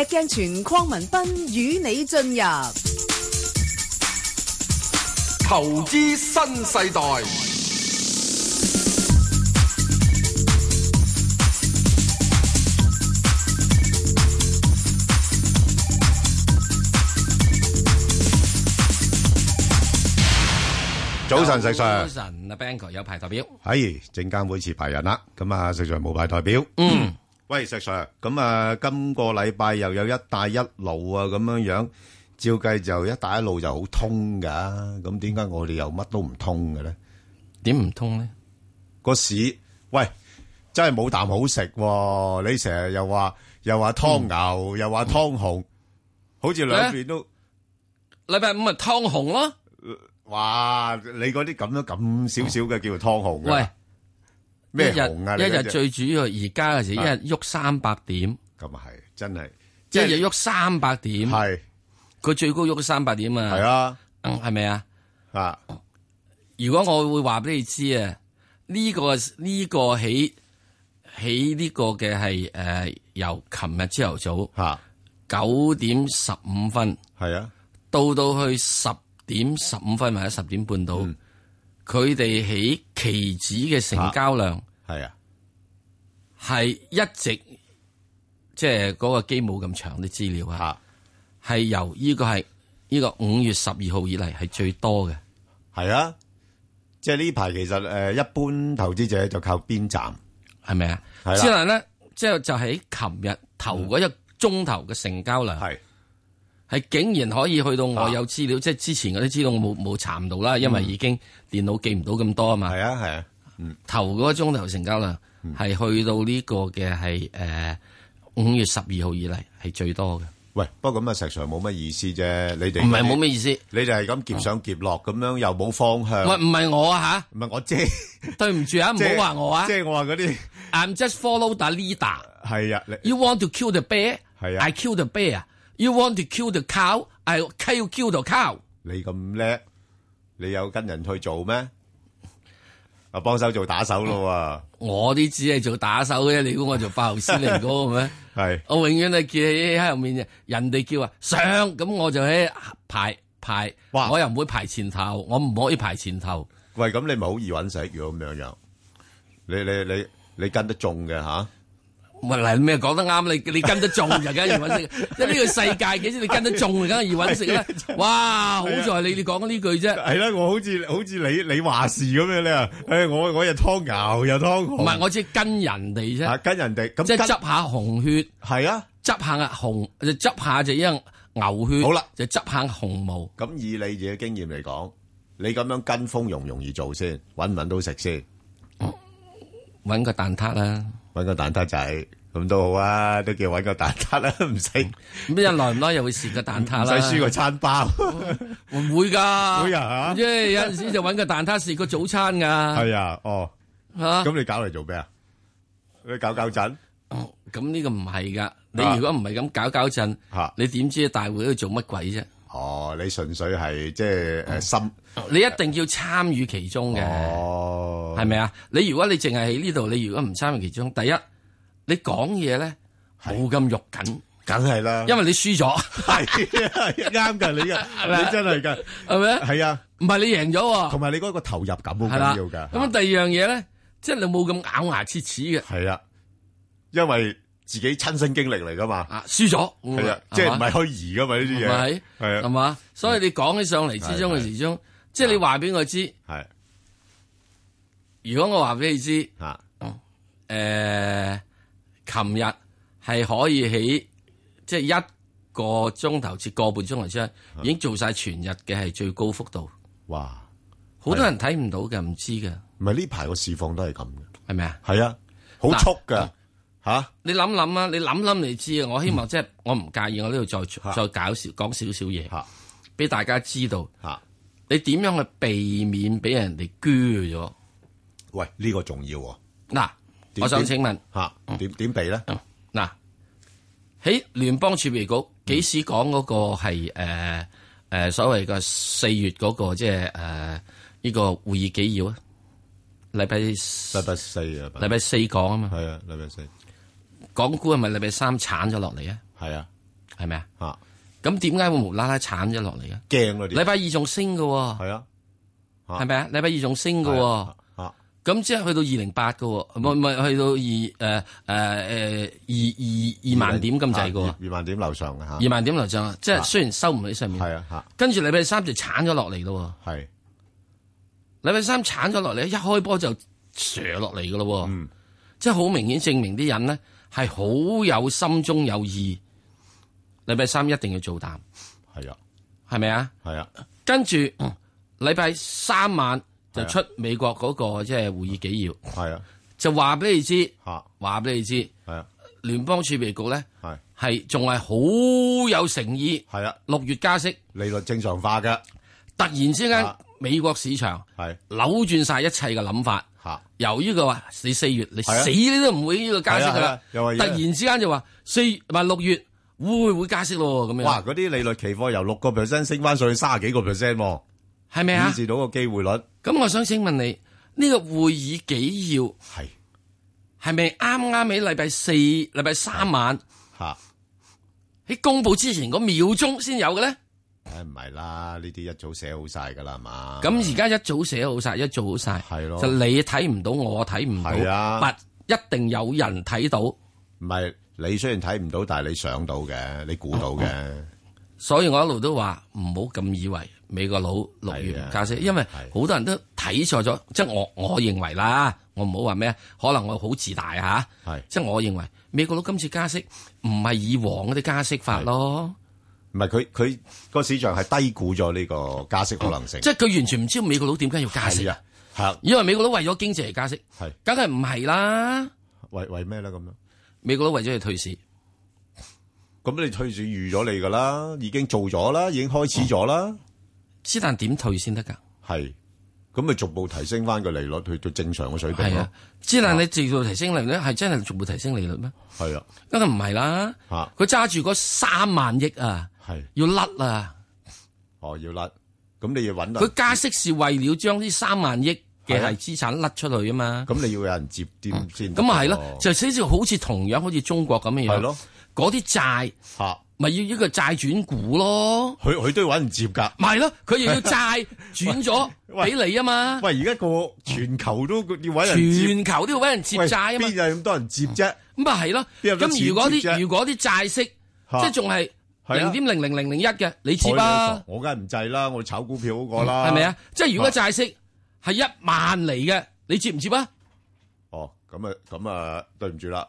石鏡框文斌與你進入投資新世代。早晨，石上早晨啊，Bank 有派代表。係，證監會持派人啦。咁啊，石上 i 冇派代表。嗯。喂，石 Sir，咁啊、呃，今個禮拜又有一帶一路啊，咁樣樣，照計就一帶一路就好通噶，咁點解我哋又乜都唔通嘅咧？點唔通咧？個市，喂，真係冇啖好食，你成日又話又話湯牛，嗯、又話湯紅好似兩邊都。禮、呃、拜五咪湯紅咯、呃。哇，你嗰啲咁樣咁少少嘅叫做湯紅喂一日一日最主要而家嘅時，啊、一日喐三百點，咁啊係，真係，一日喐三百點，係、啊，佢最高喐三百點啊，係啊，係咪、嗯、啊？啊，如果我會話俾你知、這個這個呃、啊，呢個呢個起起呢個嘅係誒，由琴日朝頭早吓九點十五分，係啊，到到去十點十五分或者十點半到。啊嗯佢哋喺期指嘅成交量係啊，係一直即係嗰個機冇咁長啲資料啊，吓，係由呢個係呢個五月十二號以嚟係最多嘅，係啊，即係呢排其實誒一般投資者就靠邊站，係咪啊？啦之後咧，即係就喺琴日頭嗰一鐘頭嘅成交量係。嗯係竟然可以去到我有資料，啊、即係之前嗰啲資料我冇冇查唔到啦，因為已經電腦記唔到咁多啊、嗯、嘛。係啊係啊，係啊嗯、頭嗰個鐘頭成交量係、嗯、去到呢個嘅係誒五月十二號以嚟係最多嘅。喂，不過咁啊，實在冇乜意思啫。你哋唔係冇乜意思，你就係咁劫上劫落咁、哦、樣又冇方向。唔係我啊吓？唔係我啫，對唔住啊，唔好話我啊。即係我話嗰啲，I'm just follow the leader。係啊，你。You want to kill the bear？係啊，I kill the bear 啊。You want to kill the cow？係 kill kill the cow？你咁叻，你有跟人去做咩？啊，幫手做打手咯？ 我啲只係做打手嘅，你估我做包後司嚟嗰個咩？係 我永遠都企喺後面，人哋叫啊上，咁我就喺排排哇，我又唔會排前頭，我唔可以排前頭。喂，咁你咪好易揾食如果咁樣樣？你你你你跟得中嘅吓？啊唔係，係咩講得啱？你你跟得中就梗係易揾食，即係呢個世界幾時你跟得中，梗係易揾食咧？哇！好在你你講呢句啫。係啦，我好似好似你你話事咁樣咧。誒，我我又劏牛又劏，唔係我只係跟人哋啫。吓，跟人哋咁即係執下紅血係啊，執下紅就執下就因牛血。好啦，就執下紅毛。咁以你自己經驗嚟講，你咁樣跟風容唔容易做先，搵唔搵到食先？搵個蛋撻啦。搵個蛋撻仔咁都好啊，都叫搵個蛋撻啦，啊，唔使。咁 一陣耐唔耐又會食個蛋撻啦，唔使輸個餐包 唔會噶會。會啊，即 係有陣時就搵個蛋撻食個早餐噶。係啊，哦，咁、啊、你搞嚟做咩啊？你搞搞震？咁、哦、呢個唔係噶，你如果唔係咁搞搞震，啊，你點知大會喺度做乜鬼啫？哦，你純粹係即係誒、呃、心，你一定要參與其中嘅，係咪啊？你如果你淨係喺呢度，你如果唔參與其中，第一你講嘢咧冇咁肉緊，梗係啦，因為你輸咗，係啱噶，你嘅， 你真係噶，係咪啊？係啊，唔係你贏咗，同埋你嗰個投入感好緊要噶。咁第二樣嘢咧，即係你冇咁咬牙切齒嘅，係啊，因為。自己親身經歷嚟噶嘛？啊，輸咗，即係唔係虛擬㗎噶嘛？呢啲嘢係啊，係嘛？所以你講起上嚟之中嘅時鐘，即係你話俾我知。係，如果我話俾你知，啊，誒、嗯，呃，琴日係可以喺即係一個鐘頭至個半鐘頭之間，已經做晒全日嘅係最高幅度。哇！好多人睇唔到嘅，唔知嘅。唔係呢排個市況都係咁嘅，係咪啊？係啊，好速噶。吓，你諗諗啊，你諗諗你，你知啊。我希望、嗯、即係我唔介意，我呢度再、啊、再搞笑講少少嘢，俾、啊、大家知道。吓、啊，你點樣去避免俾人哋鋸咗？喂，呢、呢個重要喎、啊。嗱、啊，我想請問吓，點點避咧？嗱，喺聯、嗯啊、邦儲備局幾時講嗰個係誒誒所謂嘅四月嗰、嗰個即係誒呢個會議紀要四四講啊？禮拜禮拜四,四啊，禮拜四講啊嘛。係啊，禮拜四。港股係咪禮拜三鏟咗落嚟啊？係啊，係咪啊？吓，咁點解會無啦啦鏟咗落嚟啊？驚嗰啲禮拜二仲升噶，係啊，係咪啊？禮拜二仲升噶，喎、啊，咁即係去，、啊嗯、去到二零八噶，唔唔係去到二誒誒誒二二二萬點咁滯噶，二萬點樓上吓，二萬點樓上，啊，樓上啊，即係雖然收唔喺上面，係啊吓，跟住禮拜三就鏟咗落嚟咯，係禮拜三鏟咗落嚟，一開波就射落嚟噶咯，喎、嗯。即係好明顯證明啲人咧。係好有心中有意，禮拜三一定要做淡，係啊，係咪啊？係啊，跟住禮拜三晚就出美國嗰個即係會議紀要，係啊，就話俾你知，話俾你知，係啊，聯邦儲備局咧係係仲係好有誠意，係啊，六月加息利率正常化嘅。突然之間，美國市場扭轉晒一切嘅諗法。由於佢話你四月你死你都唔會呢個加息噶啦，突然之間就話四唔係六月，月會唔會加息咯咁樣。哇！嗰啲利率期貨由六個 percent 升翻上去卅幾個 percent，係咪啊？導致到個機會率。咁我想請問你呢、這個會議紀要係係咪啱啱喺禮拜四禮拜三晚喺公布之前嗰秒鐘先有嘅咧？梗唔係啦，呢啲一早寫好晒噶啦，係嘛？咁而家一早寫好晒，一早好晒，係、就你睇唔到，我睇唔到，但一定有人睇到。唔係你雖然睇唔到，但係你想到嘅，你估到嘅、哦。所以我一路都話唔好咁以為美國佬六月加息，因為好多人都睇錯咗。即係我我認為啦，我唔好話咩，可能我好自大吓。係即係我認為美國佬今次加息唔係以往嗰啲加息法咯。唔係佢，佢個市場係低估咗呢個加息可能性，嗯、即係佢完全唔知道美國佬點解要加息、啊啊，因為美國佬為咗經濟而加息，係，梗係唔係啦，為為咩咧咁樣？美國佬為咗要退市，咁你退市預咗你噶啦，已經做咗啦，已經開始咗啦、嗯，是但點退先得噶？係。咁咪逐步提升翻個利率去到正常嘅水平咯。係啊，之但、啊、你自到提升利率係真係逐步提升利率咩？係啊，一係唔係啦。吓，佢揸住嗰三萬億啊，係、啊啊、要甩啊。哦，要甩，咁你要揾。佢加息是為了將呢三萬億嘅係資產甩出去啊嘛。咁、啊、 你要有人接點先。咁咪係咯，就好似好似同樣好似、啊、中國咁樣。係咯、啊，嗰啲債。咪要一個債轉股咯，佢佢都要搵人接㗎。咪咯，佢又要債轉咗俾你啊嘛。喂，而家個全球都要搵人接，全球都要搵人接債啊嘛。邊、嗯、有咁多人接啫、啊？咁啊係咯。咁、啊嗯、如果啲如果啲債息即係仲係零點零零零零一嘅，你接啊？我梗係唔制啦，我炒股票好過啦。係咪啊？即係如果債息係一萬嚟嘅，你接唔接啊？哦，咁啊，咁、呃、啊，對唔住啦。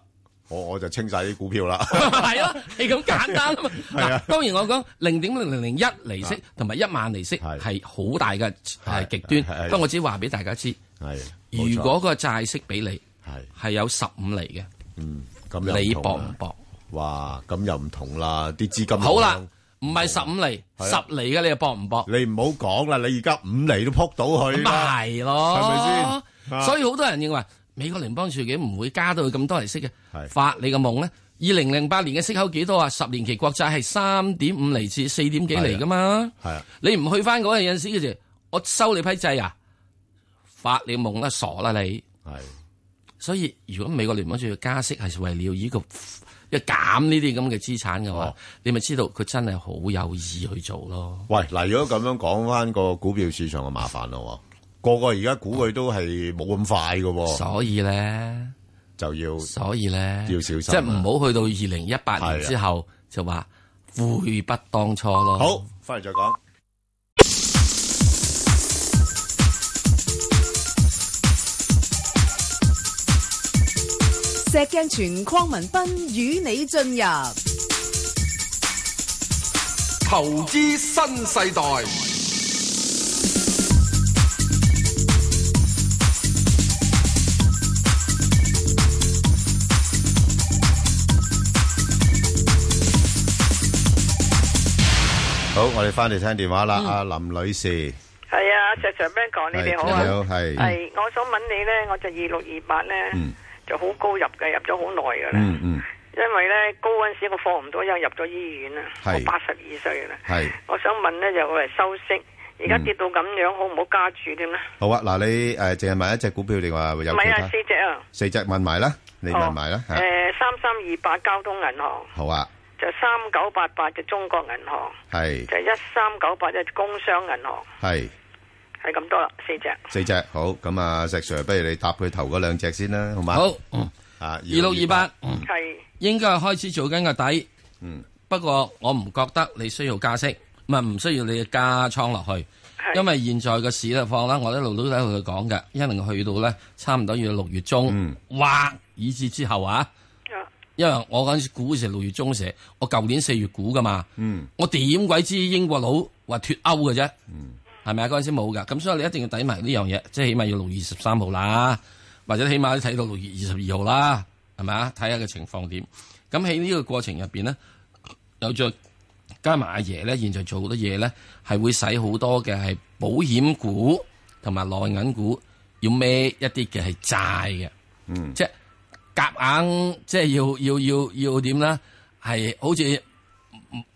我我就清晒啲股票啦，係咯，係咁簡單嘛？嗱，當然我講零點零零零一利息同埋一萬利息係係好大嘅，係極端，不過我只話俾大家知，係如果個債息俾你係係有十五厘嘅，嗯，咁你博唔博？哇，咁又唔同啦，啲資金好啦，唔係十五厘，十厘嘅你又博唔博？你唔好講啦，你而家五厘都撲到佢，係咯，係咪先？所以好多人認為。美國聯邦儲備唔會加到咁多利息嘅，發你個夢咧！二零零八年嘅息口幾多啊？十年期國債係三點五厘至四點幾厘噶嘛？係啊！你唔去翻嗰陣時嘅時，我收你批債啊！發你夢啦，傻啦你！係，所以如果美國聯邦儲備加息係為了呢、這個一減呢啲咁嘅資產嘅話，哦、你咪知道佢真係好有意去做咯。喂，嗱，如果咁樣講翻個股票市場嘅麻煩咯。.個個而家估佢都係冇咁快喎，所以咧就要，所以咧要小心、啊，即係唔好去到二零一八年之後、啊、就話悔不當初咯。好，翻嚟再講。石鏡泉框文斌與你進入投資新世代。好，我哋翻嚟聽電話啦，阿、嗯啊、林女士。係啊，石常兵講你哋好啊。係，係，我想問你咧，我就二六二八咧，就好高入嘅，入咗好耐嘅咧。嗯嗯。因為咧高嗰陣時我放唔到，因為入咗醫院啊，我八十二歲啦。係。我想問咧，就為收息，而家跌到咁樣，嗯、好唔好加住嘅咧？好啊，嗱，你誒淨係買一隻股票定話有？唔係啊，四隻啊。四隻問埋啦，你問埋啦誒，三三二八，啊呃、3 -3 交通銀行。好啊。就三九八八嘅中國銀行，係就一三九八嘅工商銀行，係係咁多啦，四隻，四隻好咁啊，那石 Sir 不如你搭佢頭嗰兩隻先啦，好嘛？好，嗯、啊二六二八，係、嗯、應該係開始做緊個底，嗯，不過我唔覺得你需要加息，唔係唔需要你加倉落去，因為現在個市咧放啦，我一路都喺度佢講嘅，一定去到咧差唔多要六月中，嗯，哇以至之後啊。因為我嗰陣估嘅時六月中寫，我舊年四月估噶嘛，嗯、我點鬼知英國佬話脱歐嘅啫，係咪啊？嗰陣先冇噶，咁所以你一定要抵埋呢樣嘢，即係起碼要六月十三號啦，或者起碼都睇到六月二十二號啦，係咪啊？睇下個情況點。咁喺呢個過程入邊呢，有着加埋阿爺咧，現在做好多嘢咧，係會使好多嘅係保險股同埋內銀股要，要孭一啲嘅係債嘅，即係。夾硬即係要要要要點啦，係好似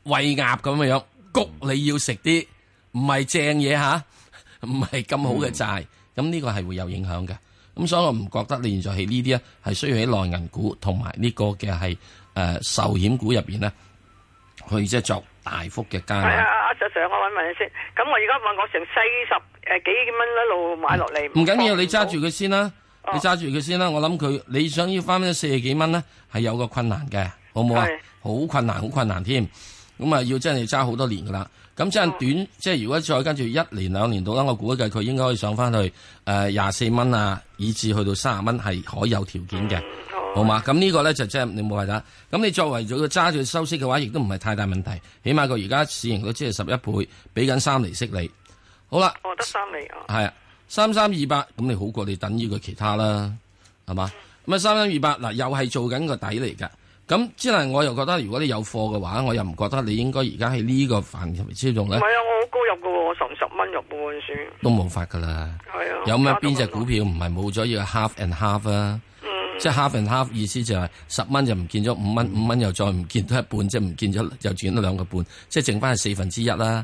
餵鴨咁嘅樣，谷你要食啲唔係正嘢吓，唔係咁好嘅債，咁呢個係會有影響嘅。咁所以我唔覺得你現在係呢啲啊，係需要喺內銀股同埋呢個嘅係誒壽險股入邊呢，去即係作大幅嘅加。係啊啊！阿 Sir，我問問你先。咁我而家問我成四十誒幾蚊一路買落嚟。唔緊要，你揸住佢先啦。你揸住佢先啦，哦，我諗佢你想要翻翻四十幾蚊咧，係有個困難嘅，好唔好啊？好困難，好困難添。咁啊，要真係揸好多年噶啦。咁即係短，哦、即係如果再跟住一年兩年到啦，我估計佢應該可以上翻去誒廿四蚊啊，以至去到三十蚊係可以有條件嘅，嗯，好嘛？咁，哦、呢個咧就即係你冇話打。咁你作為咗個揸住收息嘅話，亦都唔係太大問題，起碼佢而家市盈率即係十一倍，俾緊三厘息你。好啦，我得三厘啊，係啊。三三二八，咁你好過你等於佢其他啦，係嘛？咁、嗯、啊三三二八嗱又係做緊個底嚟㗎。咁之嚟我又覺得如果你有貨嘅話，我又唔覺得你應該而家喺呢個範入邊操作咧。唔係啊，我好高入㗎喎，成十蚊入嘅喎，都冇法噶啦。係啊，有咩邊隻股票唔係冇咗要 half and half 啊？嗯、即係 half and half 意思就係十蚊就唔見咗五蚊，五、嗯、蚊又再唔見到一半、嗯、即係唔見咗又見到兩個半，即係剩翻係四分之一啦。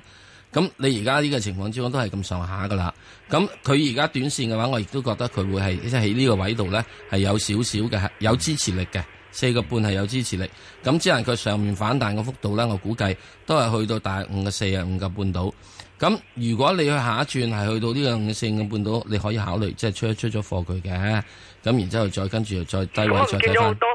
咁你而家呢個情況之中都係咁上下噶啦，咁佢而家短線嘅話，我亦都覺得佢會係即係喺呢個位度咧係有少少嘅有支持力嘅，四個半係有支持力。咁只係佢上面反彈嘅幅度咧，我估計都係去到大五個四啊五個半度。咁如果你去下一轉係去到呢個五四嘅半度，你可以考慮即係出一出咗貨佢嘅。咁然之後再跟住再低位再睇翻。多，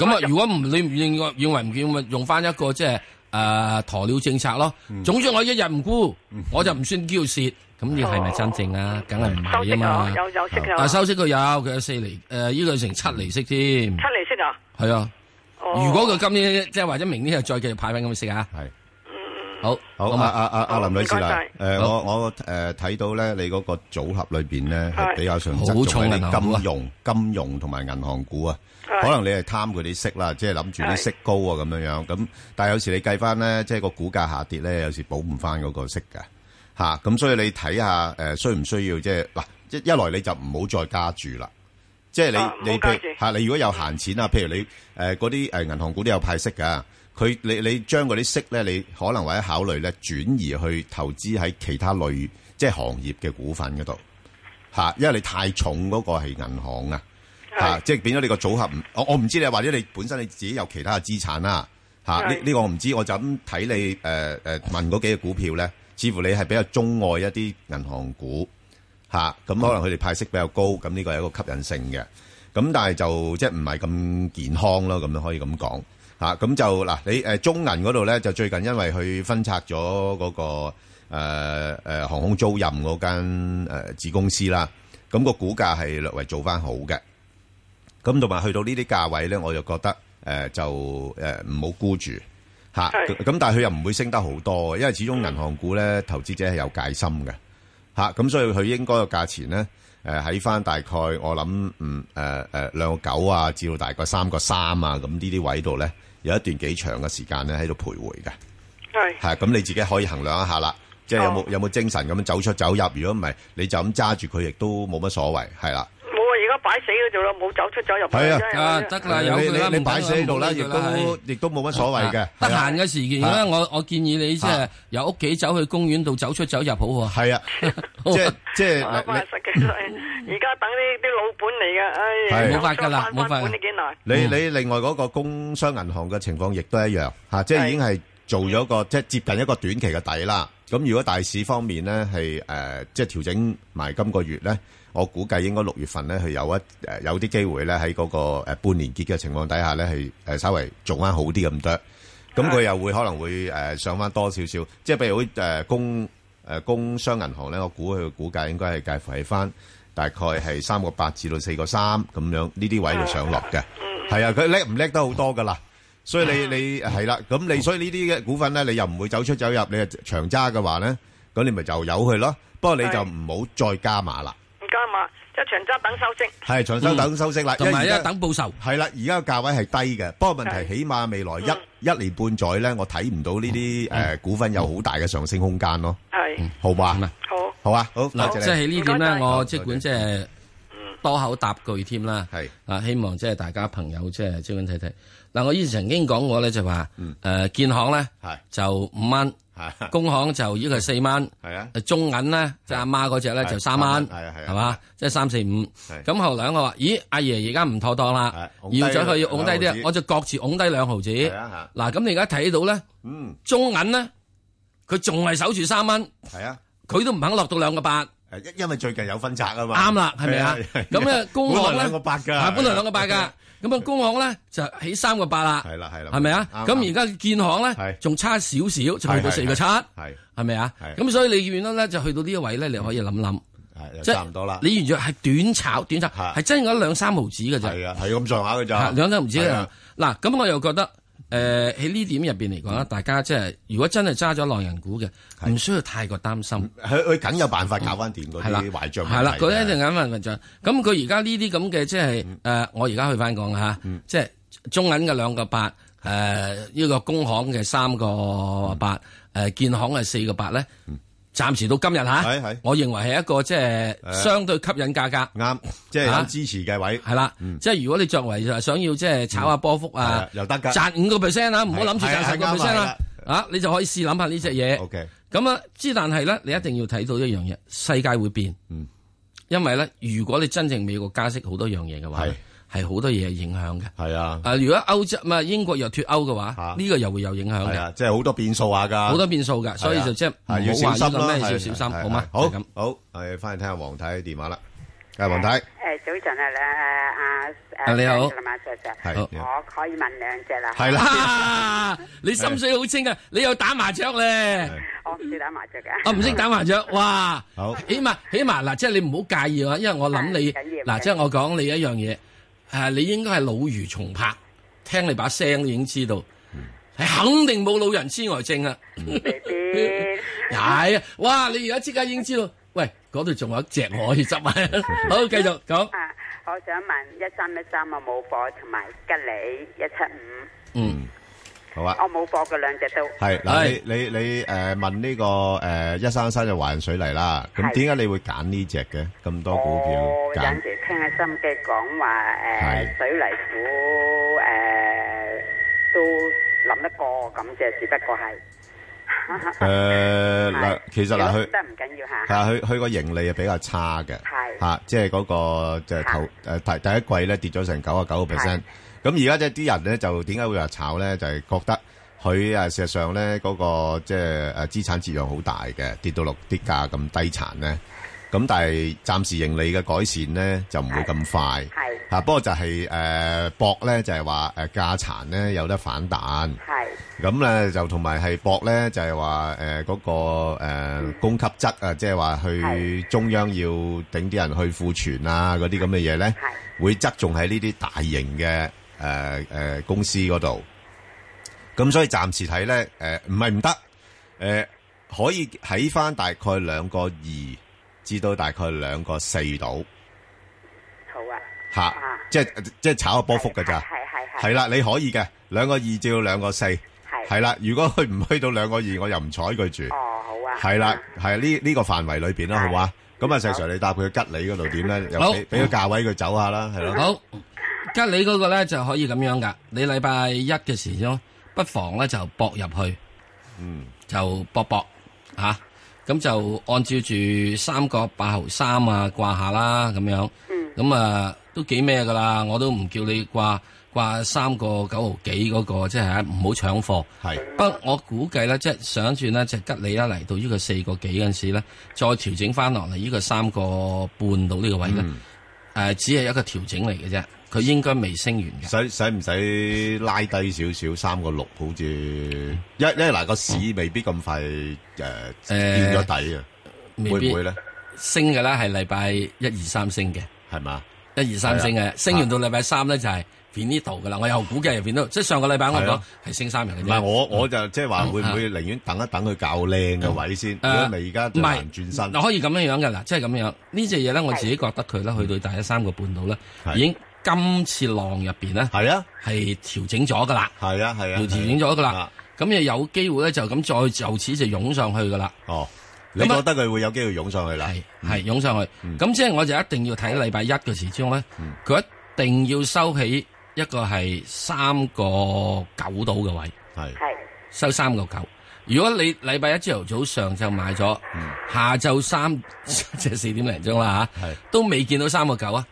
咁啊，如果唔你唔認為唔見用翻一個即係。誒、呃，鴕鳥政策咯，嗯、總之我一日唔沽，我就唔算叫蝕，咁要係咪真正啊？梗係唔係啊嘛！息啊、有有息啊？但收息佢有，佢有四厘，誒、呃，依、這個成七厘息添。七厘息啊？係啊、哦，如果佢今年即係或者明年就再繼續派翻咁嘅息啊？係。好好啊，啊，啊！林女士啦，誒、呃、我我誒睇、呃、到咧，你嗰個組合裏邊咧係比較上好彩啲金融金融同埋銀行股啊，是可能你係貪佢啲息啦，即係諗住啲息高啊咁樣樣。咁但係有時你計翻咧，即係個股價下跌咧，有時補唔翻嗰個息㗎嚇。咁、啊、所以你睇下誒、呃，需唔需要即係嗱一來你就唔好再加注啦。即係你、啊、你譬如嚇、啊啊，你如果有閒錢啊，譬如你誒嗰啲誒銀行股都有派息㗎。佢你你將嗰啲息咧，你可能或者考慮咧轉移去投資喺其他類即係行業嘅股份嗰度，因為你太重嗰個係銀行啊，啊即係變咗你個組合。我我唔知你或者你本身你自己有其他嘅資產啦、啊、嚇，呢、啊、呢、呢個我唔知。我就咁睇你誒誒、呃呃、問嗰幾個股票咧，似乎你係比較鍾愛一啲銀行股咁、啊、可能佢哋派息比較高，咁呢個係一個吸引性嘅。咁但係就即係唔係咁健康咯？咁樣可以咁講。咁、啊、就嗱、啊，你、啊、中銀嗰度咧，就最近因為佢分拆咗嗰、嗰個誒、啊啊、航空租賃嗰間、啊、子公司啦，咁、啊個股價係略為做翻好嘅。咁同埋去到呢啲價位咧，我就覺得誒、啊、就誒唔好沽住咁、啊啊、但係佢又唔會升得好多，因為始終銀行股咧，投資者係有戒心嘅。咁、啊、所以佢應該個價錢咧，喺、啊、翻大概我諗唔誒兩個九啊，至到大概三個三啊，咁呢啲位度咧。有一段幾長嘅時間咧，喺度徘徊嘅，係，係咁你自己可以衡量一下啦，即係有冇有冇精神咁樣走出走入？如果唔係，你就咁揸住佢，亦都冇乜所謂，係啦。擺死嗰度咯，冇走出走入。係啊，得啦，有佢啦，冇錯。你擺死嗰度啦，亦都亦都冇乜所謂嘅。得閒嘅時間咧，我我建議你即係由屋企走去公園度走出走入好喎。係啊，即即係。冇法嘅，而家等呢啲老本嚟噶，唉，冇法噶啦，冇法。你你另外嗰個工商銀行嘅情況亦都一樣吓，即係已經係做咗個即係接近一個短期嘅底啦。咁如果大市方面咧係誒即係調整埋今個月咧。我估計應該六月份咧，係有一誒有啲機會咧，喺嗰個誒半年結嘅情況底下咧，係誒稍微做翻好啲咁多。咁佢又會可能會誒上翻多少少，即係譬如誒工誒工商銀行咧，我估佢估計應該係介乎喺翻大概係三個八至到四個三咁樣呢啲位度上落嘅，係啊，佢叻唔叻得好多噶啦。所以你你係啦，咁你所以呢啲嘅股份咧，你又唔會走出走入，你長揸嘅話咧，咁你咪就由佢咯。不過你就唔好再加碼啦。即係長揸等收息，係長揸等收息啦，同埋一等報酬。係啦，而家個價位係低嘅，不過問題起碼未來一、嗯、一年半載咧，我睇唔到呢啲誒股份有好大嘅上升空間咯。係、嗯，好嘛、嗯，好，好啊，好。嗱，即係呢點咧，我即管即係多口答句添啦。係啊，希望即係大家朋友即係即管睇睇。嗱、啊，我以前曾經講過咧、呃，就話誒建行咧就五蚊。工 行就依個係四蚊，係啊，中銀咧即阿媽嗰隻咧就三蚊，係係係嘛，即係三四五，咁、啊啊啊啊就是啊、後兩個話、啊，咦，阿爺而家唔妥當啦、啊，要咗佢要拱低啲，我就各自拱低兩毫子，嗱、啊、咁、啊、你而家睇到咧，嗯，中銀咧，佢仲係守住三蚊，係啊，佢都唔肯落到兩個八、啊，因為最近有分拆啊嘛，啱啦，係咪啊？咁呢、啊，工行呢，係本來兩個八噶，本來兩個八噶。 咁啊，工行咧就起三個八啦，係啦係啦，係咪啊？咁而家建行咧，仲差少少，就，是是是是就去到四個七，係，係咪啊？咁所以你見到咧，就去到呢一位咧，你可以諗諗，係差唔多啦。你完全係短炒，短炒係真係兩三毫子嘅咋，係咁上下嘅咋，兩三毫子啦。嗱，啊，咁我又覺得。誒喺呢點入面嚟講，大家即係如果真係揸咗內銀股嘅，唔需要太過擔心。佢佢梗有辦法搞翻掂嗰啲壞帳。係啦，佢一定揀翻壞帳。咁佢而家呢啲咁嘅即係誒，我而家去翻講吓即係中銀嘅兩個八、呃，誒、這、呢個工行嘅三個八，誒建行嘅四個八咧、嗯。暫時到今日吓，我認為係一個即係、就是、相對吸引價格，啱、就是啊嗯，即係想支持嘅位，係啦，即係如果你作為誒想要即係炒下波幅、嗯、啊，又得噶，賺五個 percent 啊，唔好諗住賺十個 percent 啊，啊，你就可以試諗下呢隻嘢。OK，咁啊，之但係咧，你一定要睇到一樣嘢，世界會變，嗯，因為咧，如果你真正美國加息好多樣嘢嘅話。係好多嘢影響嘅，係啊。啊，如果歐洲英國又脫歐嘅話，呢、啊這個又會有影響嘅、啊，即係好多變數下噶。好多變數噶、啊啊，所以就即係要，、啊、要小心啦、啊，係要，、啊啊、要小心、啊啊，好嗎？好，就是、好，係翻去聽下黃太嘅電話啦。係黃太，誒，早、啊、晨啊，你？阿、啊、你好，林阿我可以問兩隻啦。係啦、啊啊，你心水好清噶你又打麻雀咧、啊啊？我唔識打麻雀噶，我唔識打麻雀。哇，好，起碼起碼嗱，即係你唔好介意啊，因為我諗你嗱、啊，即係我講你一樣嘢。誒、啊，你應該係老魚重拍，聽你把聲已經知道，係、嗯、肯定冇老人痴呆症啊！係、嗯、啊、 哎！哇！你而家即刻已經知道， 喂，嗰度仲有一隻我可以執埋。 好，繼續講、啊。我想問一三一三啊，冇貨同埋吉利一七五。嗯。好啊！我冇博嘅兩隻都係嗱，你你你誒問呢個誒一三一三就華潤水泥啦，咁點解你會揀呢隻嘅咁多股票揀？我有時聽啲心機講話誒水泥股誒都諗得過咁嘅，只不過係誒嗱，其實嗱佢真係唔緊要吓，係啊，佢佢個盈利係比較差嘅，係吓即係嗰個就係頭誒第第一季咧跌咗成九十九個 percent。咁而家即係啲人咧就點解會話炒咧？就係、是、覺得佢事實上咧嗰個即係資產質量好大嘅，跌到六跌價咁低殘咧。咁但係暫時盈利嘅改善咧就唔會咁快。係。不過就係博咧，呃、就係話價殘咧有得反彈。咁咧就同埋係博咧，就係話嗰個供給側啊，即係話去中央要頂啲人去庫存啊，嗰啲咁嘅嘢咧，會側重喺呢啲大型嘅。誒、呃、誒、呃，公司嗰度，咁所以暫時睇咧，誒唔係唔得，誒、呃、可以喺翻大概兩個二至到大概兩個四度，好啊，吓、啊，即係、啊、即係炒個波幅噶咋，係係係，係啦，你可以嘅，兩個二至到兩個四，係，係啦，如果佢唔去到兩個二，我又唔睬佢住，哦好啊，係啦，係呢呢個範圍裏邊啦，好啊，咁啊，細 Sir 你搭佢去吉利嗰度點咧？ 又俾俾個價位佢走下 啦，係咯。吉利嗰個咧就可以咁樣噶。你禮拜一嘅時鐘，不妨咧就搏入去，嗯，就搏搏吓。咁、啊、就按照住三個八毫三啊掛下啦，咁樣，咁、嗯嗯、啊都幾咩噶啦？我都唔叫你掛掛三個九毫幾嗰個，即係唔好搶貨。係不，不我估計咧，即、就、係、是、想轉咧隻吉利呢嚟到呢個四個幾嗰陣時咧，再調整翻落嚟呢個三個半到呢個位嘅誒、嗯呃，只係一個調整嚟嘅啫。佢應該未升完嘅，使使唔使拉低少少三個六？6，好似一一嗱、那個市未必咁快誒變咗底啊？會唔會咧？升嘅咧，係禮拜一二三升嘅，係嘛？一二三升嘅，升完到禮拜三咧就係變呢度嘅啦。我又估計係變到，即係上個禮拜我講係升三日嘅。啫我、嗯、我就即係話會唔會寧願等一等佢較靚嘅位先，啊、因未而家難轉身。可以咁樣、就是、樣嘅嗱，即係咁樣呢隻嘢咧，我自己覺得佢咧去到第一三個半度呢。已經今次浪入邊咧，係啊，係調整咗噶啦，係啊係啊，調、啊啊啊、整咗噶啦，咁亦、啊、有機會咧就咁再就此就湧上去噶啦。哦，你覺得佢會有機會湧上去啦？係係湧上去，咁、嗯、即係我就一定要睇禮拜一嘅市中咧，佢、嗯、一定要收起一個係三個九到嘅位，係收三個九。如果你禮拜一朝頭早上，上就買咗、嗯，下晝三即係四點零鐘啦、啊、吓，都未見到三個九啊？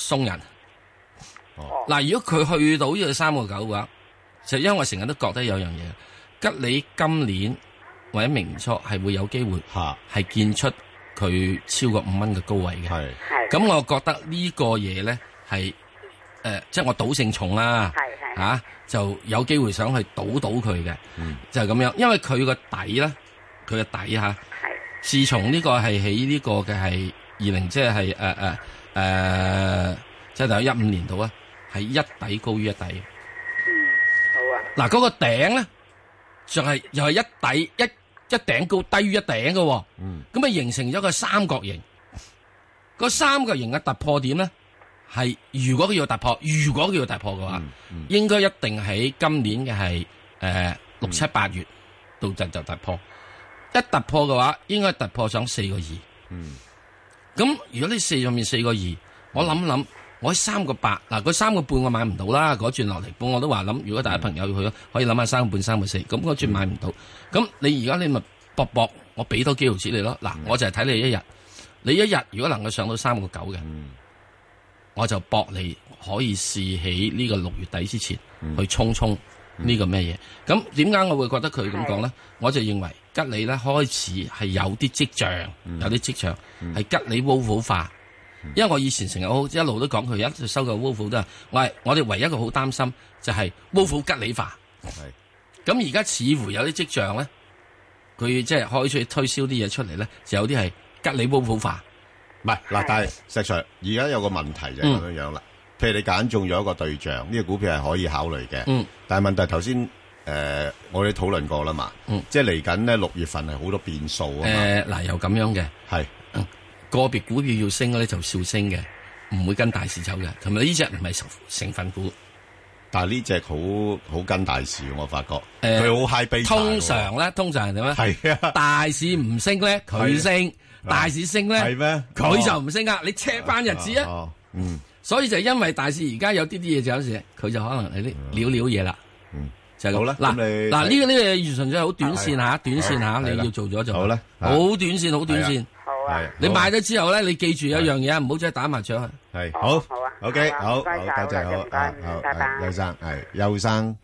鬆人，嗱、哦，如果佢去到呢個三個九嘅話，就因為我成日都覺得有樣嘢，吉利今年或者明初係會有機會係見出佢超過五蚊嘅高位嘅，咁我覺得個呢個嘢咧係誒，即係、呃就是、我賭性重啦，吓、啊、就有機會想去賭賭佢嘅，就係、是、咁樣，因為佢個底咧，佢嘅底吓，自從呢個係喺呢個嘅係二零，即係誒誒。誒、呃，即係就一五年度啊，係一底高於一底。嗯，好啊。嗱，嗰個頂咧，就係、是、又係一底一一頂高低於一頂嘅、哦。嗯。咁啊，形成咗個三角形。個三角形嘅突破點咧，係如果佢要突破，如果佢要突破嘅話，嗯嗯、應該一定喺今年嘅係誒六七八月到就就突破。一突破嘅話，應該突破上四個二。嗯。咁如果你四上面四個二，我諗諗，我三個八，嗱，佢三個半我買唔到啦，嗰轉落嚟半我都話諗，如果大家朋友去咯，嗯、可以諗下三個半、三個四，咁嗰轉買唔到，咁、嗯、你而家你咪搏搏，我俾多幾毫子你咯，嗱，我就係睇你一日，你一日如果能夠上到三個九嘅，嗯、我就搏你可以試起呢個六月底之前、嗯、去衝衝。呢、嗯這個咩嘢？咁點解我會覺得佢咁講咧？我就認為吉利咧開始係有啲跡象，有啲跡象係吉利 Volvo 化，因為我以前成日一路都講佢一直收購 Volvo 都係，喂，我哋唯一一個好擔心就係 Volvo 吉利化。係、嗯。咁而家似乎有啲跡象咧，佢即係開去推銷啲嘢出嚟咧，就有啲係吉利 Volvo 化，唔係嗱，但係石 Sir，而家有個問題就咁樣樣啦。嗯譬如你揀中咗一個對象，呢、這個股票係可以考慮嘅。嗯，但係問題頭先，誒、呃，我哋討論過啦嘛。嗯，即係嚟緊咧六月份係好多變數啊。誒、呃，嗱、呃，又咁樣嘅係、嗯嗯，個別股票要升咧就笑升嘅，唔會跟大市走嘅。同埋呢隻唔係成分股，但係呢隻好好跟大市，我發覺佢好 high beta。通常咧，通常點咧？係啊，大市唔升咧，佢升、啊；大市升咧，係、啊、咩？佢就唔升啊！你車班日子啊？啊啊啊嗯。所以就係因為大市而家有啲啲嘢，就好似佢就可能係啲料料嘢啦。嗯，就係咁啦。嗱嗱，呢個呢個嘢完全就係好短綫吓，短綫吓你要做咗就好啦。好短綫，好短綫。好啊。你買咗之後咧，你記住有一樣嘢，唔好再打麻雀。係好。好啊。O K，好。好，多謝，好。好，拜拜。優生係優生。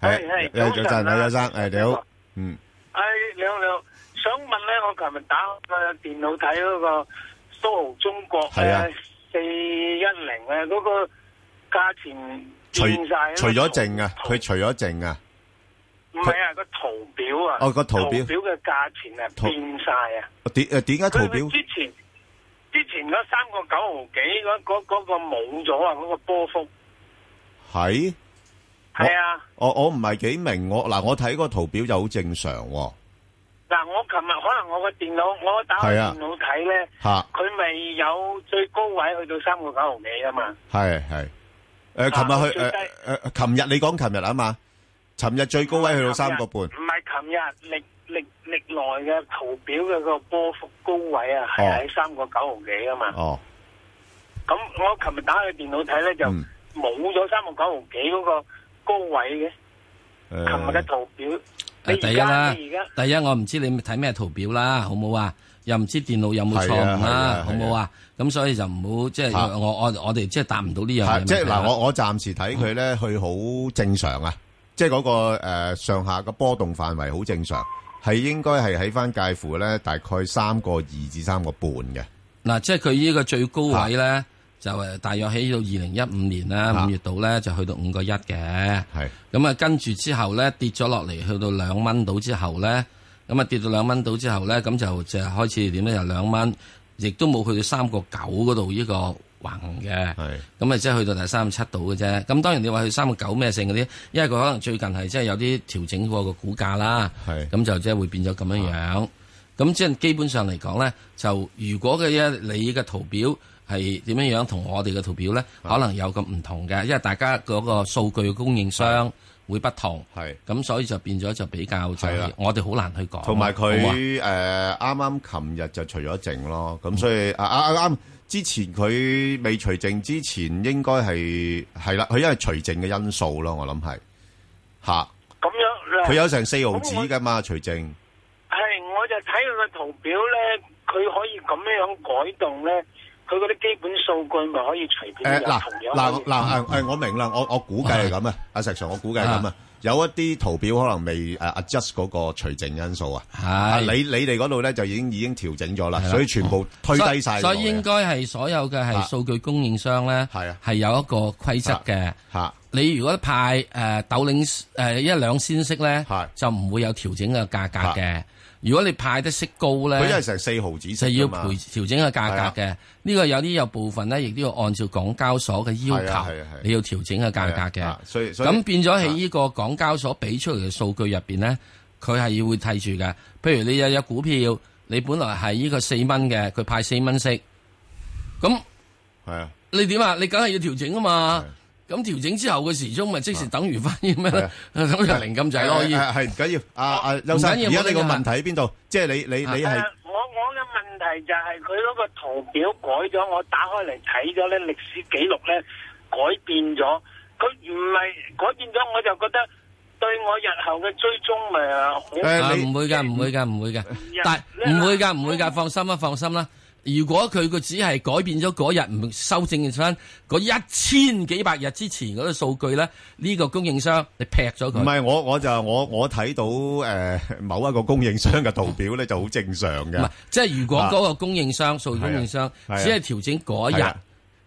係係，早晨啊，優生，誒你好。嗯。誒你好你好，想問咧，我琴日打開電腦睇嗰個 SOHO 中國咧。四一零啊嗰個價錢變晒，除咗剩，除剩啊，佢除咗剩啊，唔係啊個圖表啊，哦個圖表表嘅價錢啊變晒啊，點誒點解圖表？之前之前嗰三個九毫幾，嗰嗰個冇咗啊，嗰個波幅係係啊，我我唔係幾明我。嗱，我睇個圖表就好正常，啊。嗱，我琴日可能我個電腦，我打開電腦睇咧，佢咪有最高位去到三個九毫幾啊嘛。係係，誒，琴日去誒誒，琴日你講琴日啊嘛？琴日最高位去到三個半。唔係，琴日歷歷歷來嘅圖表嘅個波幅高位啊，係喺三個九毫幾啊嘛。哦。咁我琴日打開電腦睇咧，就冇咗三個九毫幾嗰個高位嘅，琴日嘅圖表。第一啦，第一，第一我唔知你睇咩圖表啦，好冇啊？又唔知電腦有冇錯誤啦，好冇啊？咁、啊、所以就唔好即係我我我哋即係答唔到呢樣。即嗱、啊，我我暫、啊就是、時睇佢咧，佢好正常啊，即係、那、嗰個誒、呃、上下嘅波動範圍好正常，係應該係喺翻介乎咧大概三個二至三個半嘅。嗱、啊，即係佢呢個最高位咧。就誒，大約起到二零一五年啦，五月度咧就去到五個一嘅。咁啊，跟住之後咧跌咗落嚟，去到兩蚊度之後咧，咁啊跌到兩蚊度之後咧，咁就就係開始點咧？由兩蚊，亦都冇去到三個九嗰度呢個橫嘅。咁啊，即係去到第三個七度嘅啫。咁當然你話去三個九咩性嗰啲？因為佢可能最近係即係有啲調整過個股價啦。咁就即係會變咗咁樣樣。咁即係基本上嚟講咧，就如果嘅一你嘅圖表，係點樣樣同我哋嘅圖表咧，可能有咁唔同嘅，因為大家嗰個數據供應商會不同，係咁所以就變咗就比較、就是、我哋好難去講。同埋佢誒，啱啱琴日就除咗淨咯，咁所以、嗯、啊啱、啊啊、之前佢未除淨之前應該，應該係係啦，佢因為除淨嘅因素咯，我諗係吓。咁、啊、樣佢有成四毫紙㗎嘛？除淨係我就睇佢嘅圖表咧，佢可以咁樣樣改動咧。佢嗰啲基本數據咪可以隨便又同樣嗱嗱。誒誒，我明啦，我我估計係咁啊，阿石 Sir，我估計係咁啊，有一啲圖表可能未誒 adjust 嗰個除淨因素啊。係，你你哋嗰度咧就已經已經調整咗啦，所以全部推低晒，啊。所以應該係所有嘅係數據供應商咧係啊，係有一個規則嘅嚇。你如果派誒斗、呃、零誒、呃、一兩仙息咧，就唔會有調整嘅價格嘅、啊。如果你派得息高咧，佢因為成四毫紙，就要調整嘅價格嘅。呢、啊這個有啲有部分咧，亦都要按照港交所嘅要求、啊啊啊，你要調整嘅價格嘅、啊。所以咁變咗喺呢個港交所俾出嚟嘅數據入面咧，佢係會睇住嘅。譬如你有有股票，你本來係呢個四蚊嘅，佢派四蚊息，咁你點啊？你梗係、啊、要調整啊嘛！咁調整之後嘅時鐘咪即時等於翻啲咩咧？咁又零咁滯咯，係係唔緊要。阿阿優生，而家你個問題喺邊度？即係你你你係我我嘅問題就係佢嗰個圖表改咗，我打開嚟睇咗咧歷史記錄咧改變咗。佢唔係改變咗，我就覺得對我日後嘅追蹤咪啊好。誒唔會㗎，唔會㗎，唔會㗎，但係唔會㗎，唔會㗎，放心啦，放心啦。如果佢佢只係改變咗嗰日唔修正嘅身，嗰一千幾百日之前嗰個數據咧，呢、這個供應商你劈咗佢？唔係，我我就我我睇到誒、呃、某一個供應商嘅圖表咧 就好正常嘅。唔係，即係如果嗰個供應商數據、啊、供應商、啊啊、只係調整嗰日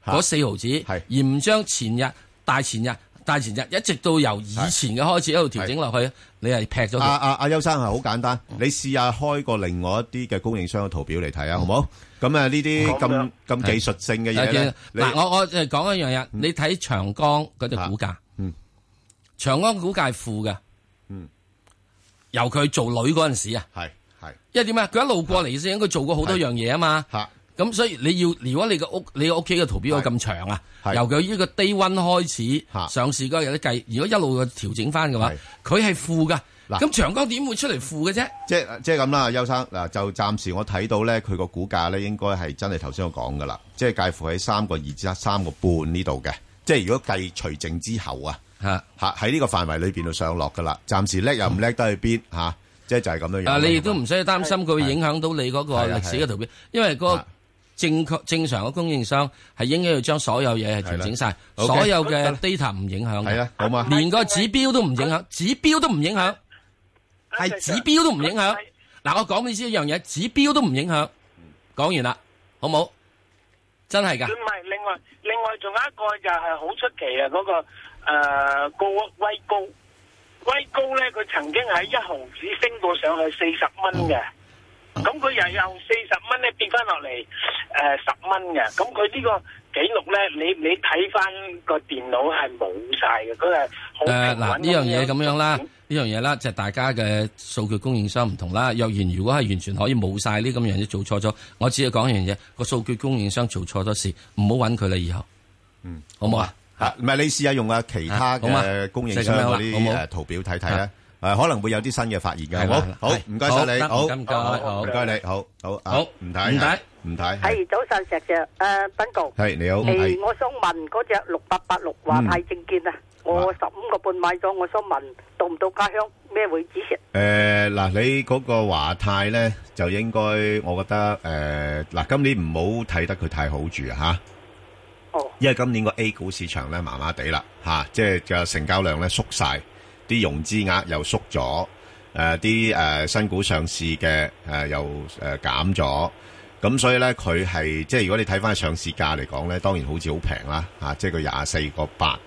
嗰四毫子，啊、而唔將前日、大前日、大前日一直到由以前嘅開始一路調整落去，啊啊、你係劈咗。阿阿阿邱生係好簡單，嗯、你試下開個另外一啲嘅供應商嘅圖表嚟睇下好唔好？嗯咁啊，呢啲咁咁技術性嘅嘢嗱，我我就講一樣嘢，嗯，你睇長江嗰隻股價，嗯，長江股價係負嘅，嗯，由佢做女嗰陣時啊，係係，因為點啊，佢一路過嚟，先，應該做過好多樣嘢啊嘛，吓，咁所以你要如果你個屋你屋企嘅圖表咁長啊，由佢呢個低溫開始上市嗰日一計，如果一路去調整翻嘅話，佢係負嘅。嗱，咁長江點會出嚟負嘅啫？即即咁啦，邱生嗱，就暫時我睇到咧，佢個股價咧應該係真係頭先我講㗎啦，即係介乎喺三個二至三個半呢度嘅。即係如果計除淨之後啊，喺呢個範圍裏面度上落㗎啦。暫時叻又唔叻，都去邊，即係就係咁樣。啊，你亦都唔使擔心佢會影響到你嗰個歷史嘅圖表，因為個正確正常嘅供應商係應該要將所有嘢係調整晒，所有嘅 data 唔影響啊，好嘛？連個指標都唔影響，指標都唔影響。啊係指標都唔影響，嗱，我講俾你知一樣嘢，指標都唔影響。講完啦，好冇？真係㗎。唔係，另外另外仲有一個就係好出奇啊！嗰個誒，高威高威高咧，佢曾經喺一毫紙升過上去四十蚊嘅。咁佢又用四十蚊咧，變翻落嚟誒十蚊嘅。咁佢呢、呃、個記錄咧，你你睇翻個電腦係冇晒嘅，佢係好平穩誒，嗱、呃、呢、那個、樣嘢咁樣啦，呢、嗯、樣嘢啦，就係、大家嘅數據供應商唔同啦。若然如果係完全可以冇晒呢咁樣嘢做錯咗，我只係講一樣嘢，個數據供應商做錯咗事，唔好揾佢啦，以後，嗯，好唔好，好嗎啊？吓，唔係你試下用下其他嘅、啊啊、供應商嗰啲圖表睇睇啊。啊看看誒，可能會有啲新嘅發現嘅，好唔該晒你，好唔該，唔該你，好好好，唔睇唔睇唔睇，係早晨石石，誒，品局係你好，誒，我想問嗰隻六八八六華泰證券啊，我十五個半買咗，我想問到唔到家鄉咩位置？誒，嗱，你嗰個華泰咧就應該，我覺得誒，嗱，今年唔好睇得佢太好住吓，哦，因為今年個 A 股市場咧麻麻地啦吓，即係嘅成交量咧縮晒。啲融資額又縮咗，誒啲誒新股上市嘅誒、啊、又誒、啊、減咗，咁所以呢，佢係即係如果你睇翻上市價嚟講呢，當然好似好平啦，啊、即係佢廿四個八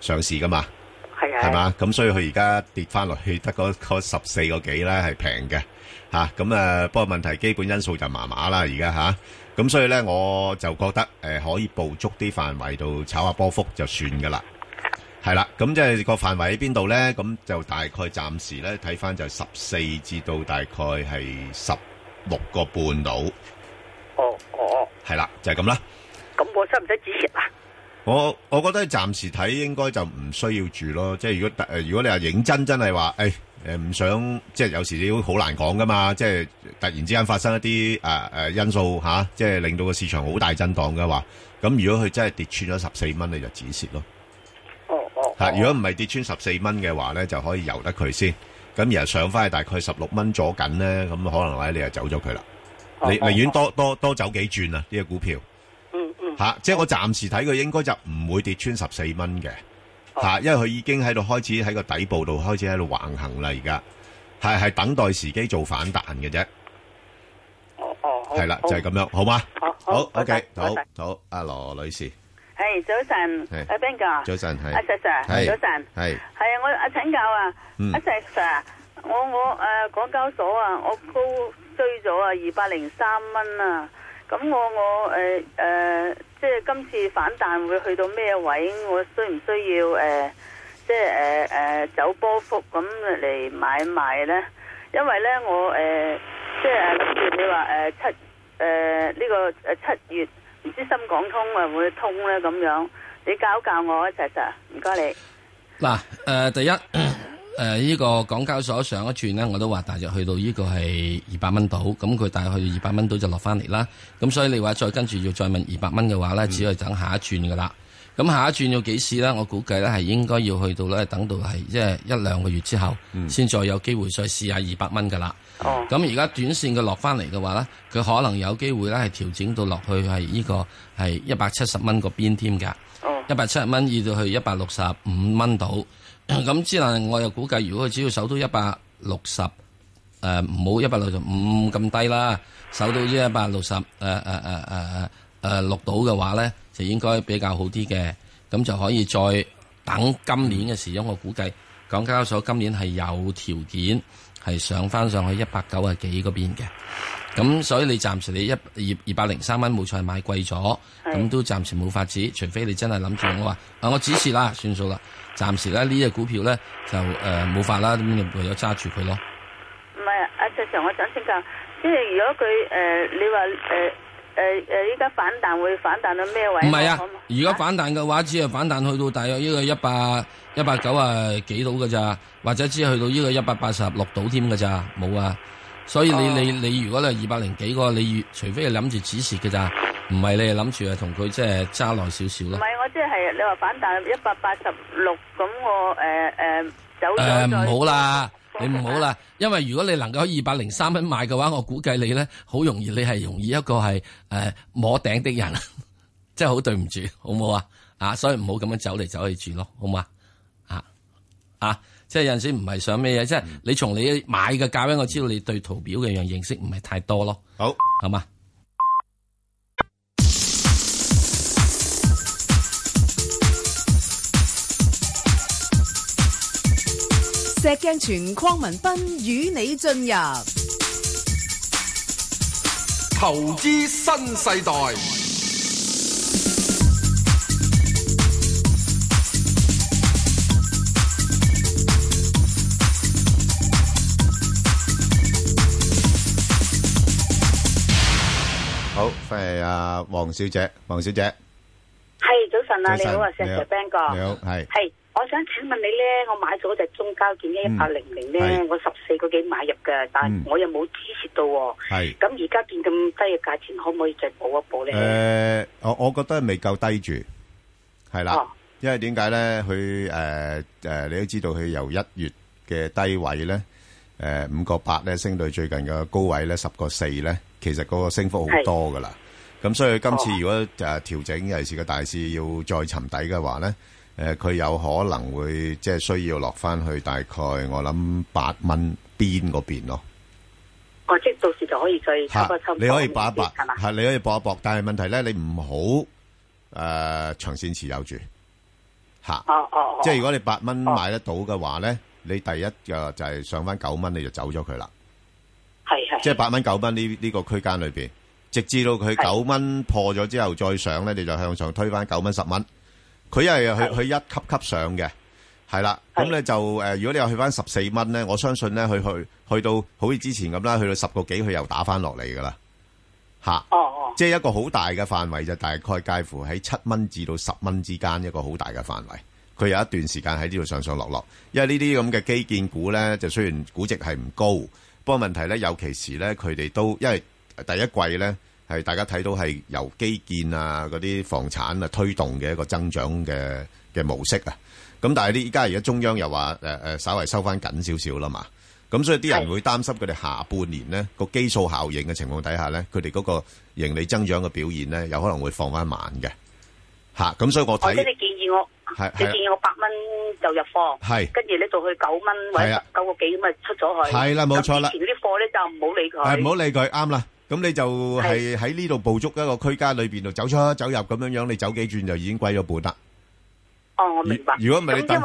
上市噶嘛，係啊，係、啊、嘛，咁所以佢而家跌翻落去得嗰十四個幾呢係平嘅，咁誒不過問題基本因素就麻麻啦而家吓。咁、啊、所以呢，我就覺得、啊、可以捕捉啲範圍度炒下波幅就算噶啦。係啦，咁即係個範圍喺邊度咧？咁就大概暫時咧睇，翻就十四至到大概係十六個半度。哦哦，係啦，就係咁啦。咁我使唔使止蝕啊？我我覺得暫時睇應該就唔需要住咯。即係如果如果你話認真真係話，誒誒唔想，即係有時都好難講噶嘛。即係突然之間發生一啲誒誒因素吓、啊，即係令到個市場好大震盪嘅話，咁如果佢真係跌穿咗十四蚊，你就止蝕咯。吓、啊，如果唔係跌穿十四蚊嘅話咧，就可以由得佢先。咁、啊、而家上翻去大概十六蚊左近咧，咁、啊、可能咧你又走咗佢啦。你寧願、okay. 多多多走幾轉啊？呢、這個股票。嗯嗯。吓、啊，即係我暫時睇佢應該就唔會跌穿十四蚊嘅。吓、okay. 啊，因為佢已經喺度開始喺個底部度開始喺度橫行啦，而家係係等待時機做反彈嘅啫。哦哦。係啦，就係、是、咁樣，好嘛？好、okay. 好 okay. OK，好，好，阿羅女士。係、hey, 早晨，阿 Ben 哥，早晨係阿、uh, Sir hey, Sir，hey, 早晨係係啊，hey. Hey, 我啊請教啊，mm. 阿 Sir Sir 我我誒，港、呃、交所啊，我高追咗啊，二百零三蚊啊，咁我我誒誒，即係今次反彈會去到咩位？我需唔需要誒、呃，即係誒誒走波幅咁嚟買賣咧？因為咧我誒、呃，即係誒，諗住你話誒、呃、七誒呢、呃這個誒七月。唔知深港通會唔會通咧咁樣，你教教我一齊實，唔該你。嗱，誒、呃，第一，誒，呢、呃這個港交所上一轉咧，我都話大約去到呢個係二百蚊到，咁佢大約去到二百蚊到就落翻嚟啦。咁所以你話再跟住要再問二百蚊嘅話咧，只可以等下一轉噶啦。嗯咁下一轉要幾時咧？我估計咧係應該要去到咧，等到係即係一兩個月之後，先再有機會再試下二百蚊噶啦。咁而家短線嘅落翻嚟嘅話咧，佢可能有機會咧係調整到落去係呢個係一百七十蚊個邊添㗎。一百七十蚊跌到去一百六十五蚊度，咁之後我又估計，如果佢只要守到一百六十，誒唔好一百六十五咁低啦，守到呢一百六十，誒誒誒誒誒誒六到嘅話咧。就應該比較好啲嘅，咁就可以再等今年嘅時，因我估計港交所今年係有條件係上翻上去一百九啊幾嗰邊嘅。咁所以你暫時你一二二百零三蚊冇錯係買貴咗，咁都暫時冇法子，除非你真係諗住我話，啊我指示啦，算數啦，暫時咧呢隻股票咧就冇、呃、法啦，咁唯有揸住佢咯。唔係啊，石祥，我想請教，即係如果佢誒、呃、你話誒？呃誒、呃、誒，依家反彈會反彈到咩位？唔係啊，如果反彈嘅話，只係反彈去到大約呢個一百一百九啊幾度㗎咋，或者只係去到呢個一百八十六度添㗎咋，冇啊。所以你你、哦、你，你如果你係二百零幾個，你除非係諗住止蝕㗎咋，唔係你係諗住啊同佢即係揸耐少少咯。唔係，我即、就、係、是、你話反彈一百八十六，咁我誒誒、呃呃、走咗再。誒、呃，唔好啦。你唔好啦，因為如果你能夠喺二百零三蚊買嘅話，我估計你咧好容易你係容易一個係誒、呃、摸頂的人，即係好對唔住，好唔好啊？啊，所以唔好咁樣走嚟走去住咯，好唔好啊？啊啊，即係有陣時唔係想咩嘢，即係你從你買嘅價位，我知道你對圖表嘅樣認識唔係太多咯。好，好嘛？石鏡泉鄺文斌與你進入投資新世代。好，歡迎阿黃小姐，黃小姐。係早晨啊，你好啊，石石 Bang 哥，你好，係。我想請問你咧，我買咗隻中交建嘅一八零零咧，我十四個幾買入嘅，但係我又冇支持到。係咁而家變咁低嘅價錢，可唔可以再補一補咧？誒、呃，我我覺得未夠低住，係啦、哦，因為點解咧？佢誒誒，你都知道佢由一月嘅低位咧，誒五個八咧升到最近嘅高位咧十個四咧，其實嗰個升幅好多噶啦。咁所以今次如果誒調整、哦、尤其是個大市要再沉底嘅話咧？誒、呃，佢有可能會即係需要落翻去大概我諗八蚊邊嗰邊咯。哦，即到時就可以再，啊，你可以搏一搏，係嘛？係你可以搏一搏，但係問題咧，你唔好誒長線持有住。吓，哦哦，oh, oh, oh. 即係如果你八蚊買得到嘅話咧，oh, oh. 你第一個就係上翻九蚊，你就走咗佢啦。係、oh, 係、oh，即係八蚊九蚊呢？呢個區間裏邊，直至到佢九蚊破咗之後再上咧，你就向上推翻九蚊十蚊。佢一係去去一級級上嘅，係啦，咁咧就、呃、如果你又去翻十四蚊咧，我相信咧，佢去去，去到好似之前咁啦，去到十個幾，佢又打翻落嚟噶啦，吓哦哦，即係一個好大嘅範圍就大概介乎喺七蚊至到十蚊之間一個好大嘅範圍。佢有一段時間喺呢度上上落落，因為呢啲咁嘅基建股咧，就雖然估值係唔高，不過問題咧，尤其係咧，佢哋都因為第一季咧。係大家睇到係由基建啊，嗰啲房產啊推動嘅一個增長嘅嘅模式啊，咁但係啲依家而家中央又話誒誒稍微收翻緊少少啦嘛，咁所以啲人會擔心佢哋下半年咧個基數效應嘅情況底下咧，佢哋嗰個盈利增長嘅表現咧，有可能會放翻慢嘅。吓，咁所以我睇，我即係你建議我，係你建議我八蚊就入貨，係跟住咧到去九蚊或者九個幾咁啊出咗去，係啦冇錯啦。以前嗰啲貨咧就唔好理佢，唔好理佢，啱啦。咁你就係喺呢度捕捉一個區間裏邊度走出走入咁樣樣，你走幾轉就已經虧咗本啦。哦，我明白。如果唔係你等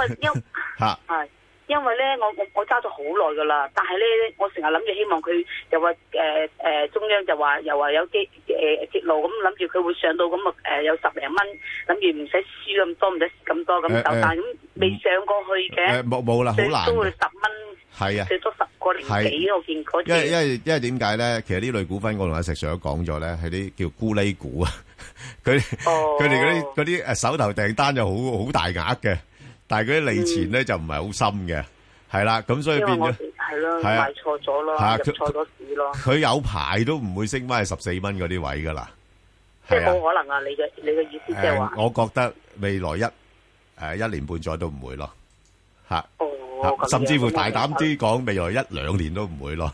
吓係。 因為咧，我我我揸咗好耐噶啦，但係咧，我成日諗住希望佢又話誒誒，中央就話又話有啲誒截路，咁諗住佢會上到咁誒、呃，有十零蚊，諗住唔使輸咁多，唔使蝕咁多咁、呃呃、但單，咁未上過去嘅，冇冇啦，好、呃、難，都會十蚊，係啊，最多十個零幾，我見嗰啲，因為因為因為點解咧？其實呢類股份，我同阿石 Sir 都講咗咧，係啲叫咕喱股啊，佢佢哋嗰啲啲誒手頭訂單就好好大額嘅。但係嗰啲利錢咧就唔係好深嘅，係啦，咁所以變咗係咯，買錯咗咯，入錯咗市咯。佢有排都唔會升翻去十四蚊嗰啲位噶啦，即係冇可能啊！你嘅你嘅意思即係話，我覺得未來一誒一年半載都唔會咯，吓，甚至乎大膽啲講，未來一兩年都唔會咯，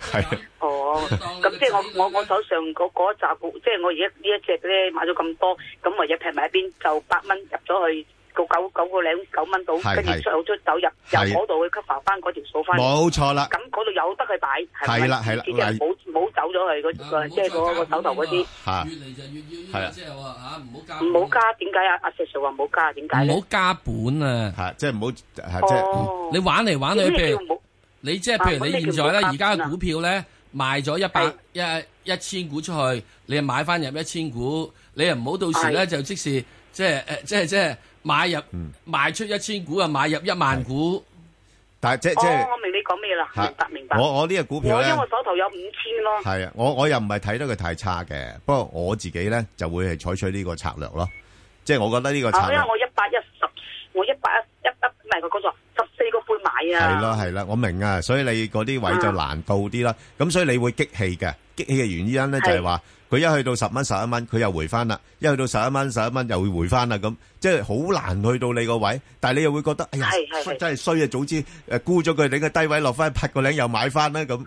係。哦，咁即係我我我手上嗰嗰一扎股，即係我而家呢一隻咧買咗咁多，咁或者平埋一邊就八蚊入咗去。九九個零九蚊到，跟住出出走入入嗰度去 cover 翻嗰條數翻，冇錯啦。咁嗰度有得佢擺，係啦係啦，而且冇冇走咗去嗰個即係嗰個手頭嗰啲。越嚟就越要，係啦，即係話吓，唔好加，唔好加，點解啊？阿 Sir 話唔好加，點解咧？唔好加本啊！係即係唔好，係即係你玩嚟玩去，譬如你即係譬如你現在咧，而家嘅股票咧賣咗一百一一千股出去，你又買翻入一千股，你又唔好到時咧就即時即係誒即係即係。買入賣出一千股啊，買入一萬股，但係即、哦、即我，我明你講咩啦？明白明白。我我呢個股票呢，因為我手頭有五千咯。係啊，我我又唔係睇得佢太差嘅，不過我自己咧就會係採取呢個策略咯。即、就、係、是、我覺得呢個策略，我因為我一百一十，我一百一一百一唔係佢嗰十四個杯買啊。係咯係啦，我明啊，所以你嗰啲位就難到啲啦。咁、嗯、所以你會激氣嘅，激氣嘅原因咧就係話。佢一去到十蚊十一蚊，佢又回翻啦；一去到十一蚊十一蚊，又會回翻啦。咁即係好難去到你個位，但係你又會覺得，哎呀，是是是是是真係衰啊！早知誒沽咗佢，你個低位落翻去，拍個領又買翻啦咁。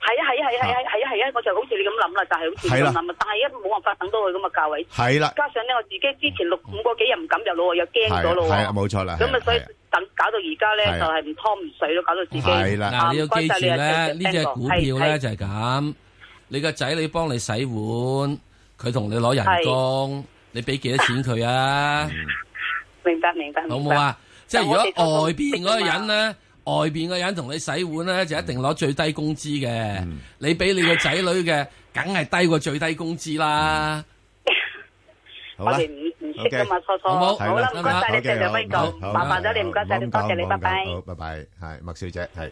係啊係啊係啊係啊係啊係啊！我就好似你咁諗啦，就係好似咁諗啊，但係一冇辦法等到佢咁嘅價位係啦。加上咧，我自己之前六五個幾日唔敢入咯，又驚咗咯。係啊，冇錯啦。咁啊，所以等搞到而家咧，就係唔拖唔水咯，搞到自己。係啦、就是啊，你要記住咧，呢隻股票咧就係咁。你個仔你幫你洗碗，佢同你攞人工，你俾幾多錢佢啊？明白明白，明白，好唔好啊？即係如果外邊嗰個人咧，外邊嗰人同你洗碗咧、嗯，就一定攞最低工資嘅、嗯。你俾你個仔女嘅，梗、啊、係低過最低工資啦、嗯。好，我哋唔唔識噶嘛，初初好啦，唔該晒你借兩分鐘，麻煩咗你，唔該晒你，多謝，謝你，謝謝你，拜拜，好拜拜，係麥小姐，係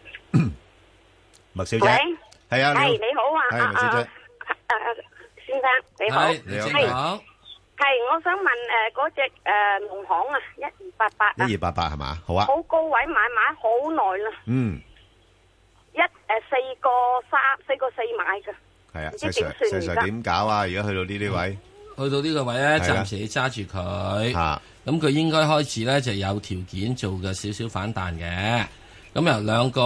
麥 小姐。係啊，係你，你好啊，阿阿、啊啊啊，先生你好，你好，係，我想問誒嗰隻誒農行啊，一二八八一二八八係嘛？好啊，好高位買買好耐啦，嗯，一誒、呃、四個三四個四買㗎，係啊，正常正常點搞啊？如果去到呢啲位，去到呢個位咧、啊，暫、啊、時要揸住佢，吓、啊，咁佢應該開始咧就有條件做嘅少少反彈嘅。咁由兩個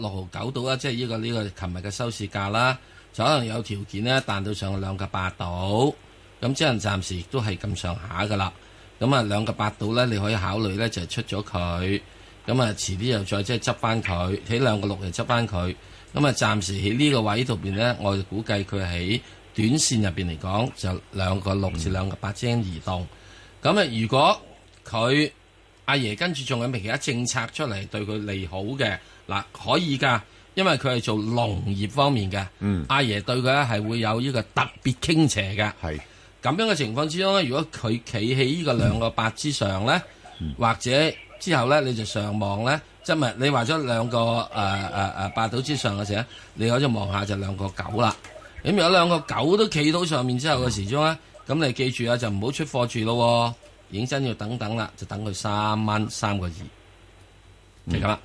六毫九度啦，即係呢個呢、呢個琴日嘅收市價啦，就可能有條件咧彈到上去兩個八度，咁即係暫時都係咁上下噶啦。咁啊兩個八度咧，你可以考慮咧就係出咗佢，咁啊遲啲又再即係執翻佢，喺兩個六又執翻佢。咁啊暫時喺呢個位度邊咧，我哋估計佢喺短線入面嚟講就兩個六至、嗯、兩個八之間移動。咁啊如果佢，阿爺跟住仲有咩其他政策出嚟對佢利好嘅，嗱、啊、可以㗎，因為佢係做農業方面嘅、嗯。阿爺對佢咧係會有呢個特別傾斜嘅。咁樣嘅情況之中咧，如果佢企喺呢個兩個八之上咧、嗯，或者之後咧你就上望咧，即、就、係、是、你話咗兩個誒誒、呃啊啊、八到之上嘅時候，你嗰度望下就兩個九啦。咁如果兩個九都企到上面之後嘅時鐘咧，咁、嗯、你記住啊，就唔好出貨住咯。影真要等等啦，就等佢三蚊三個字，係咁啦。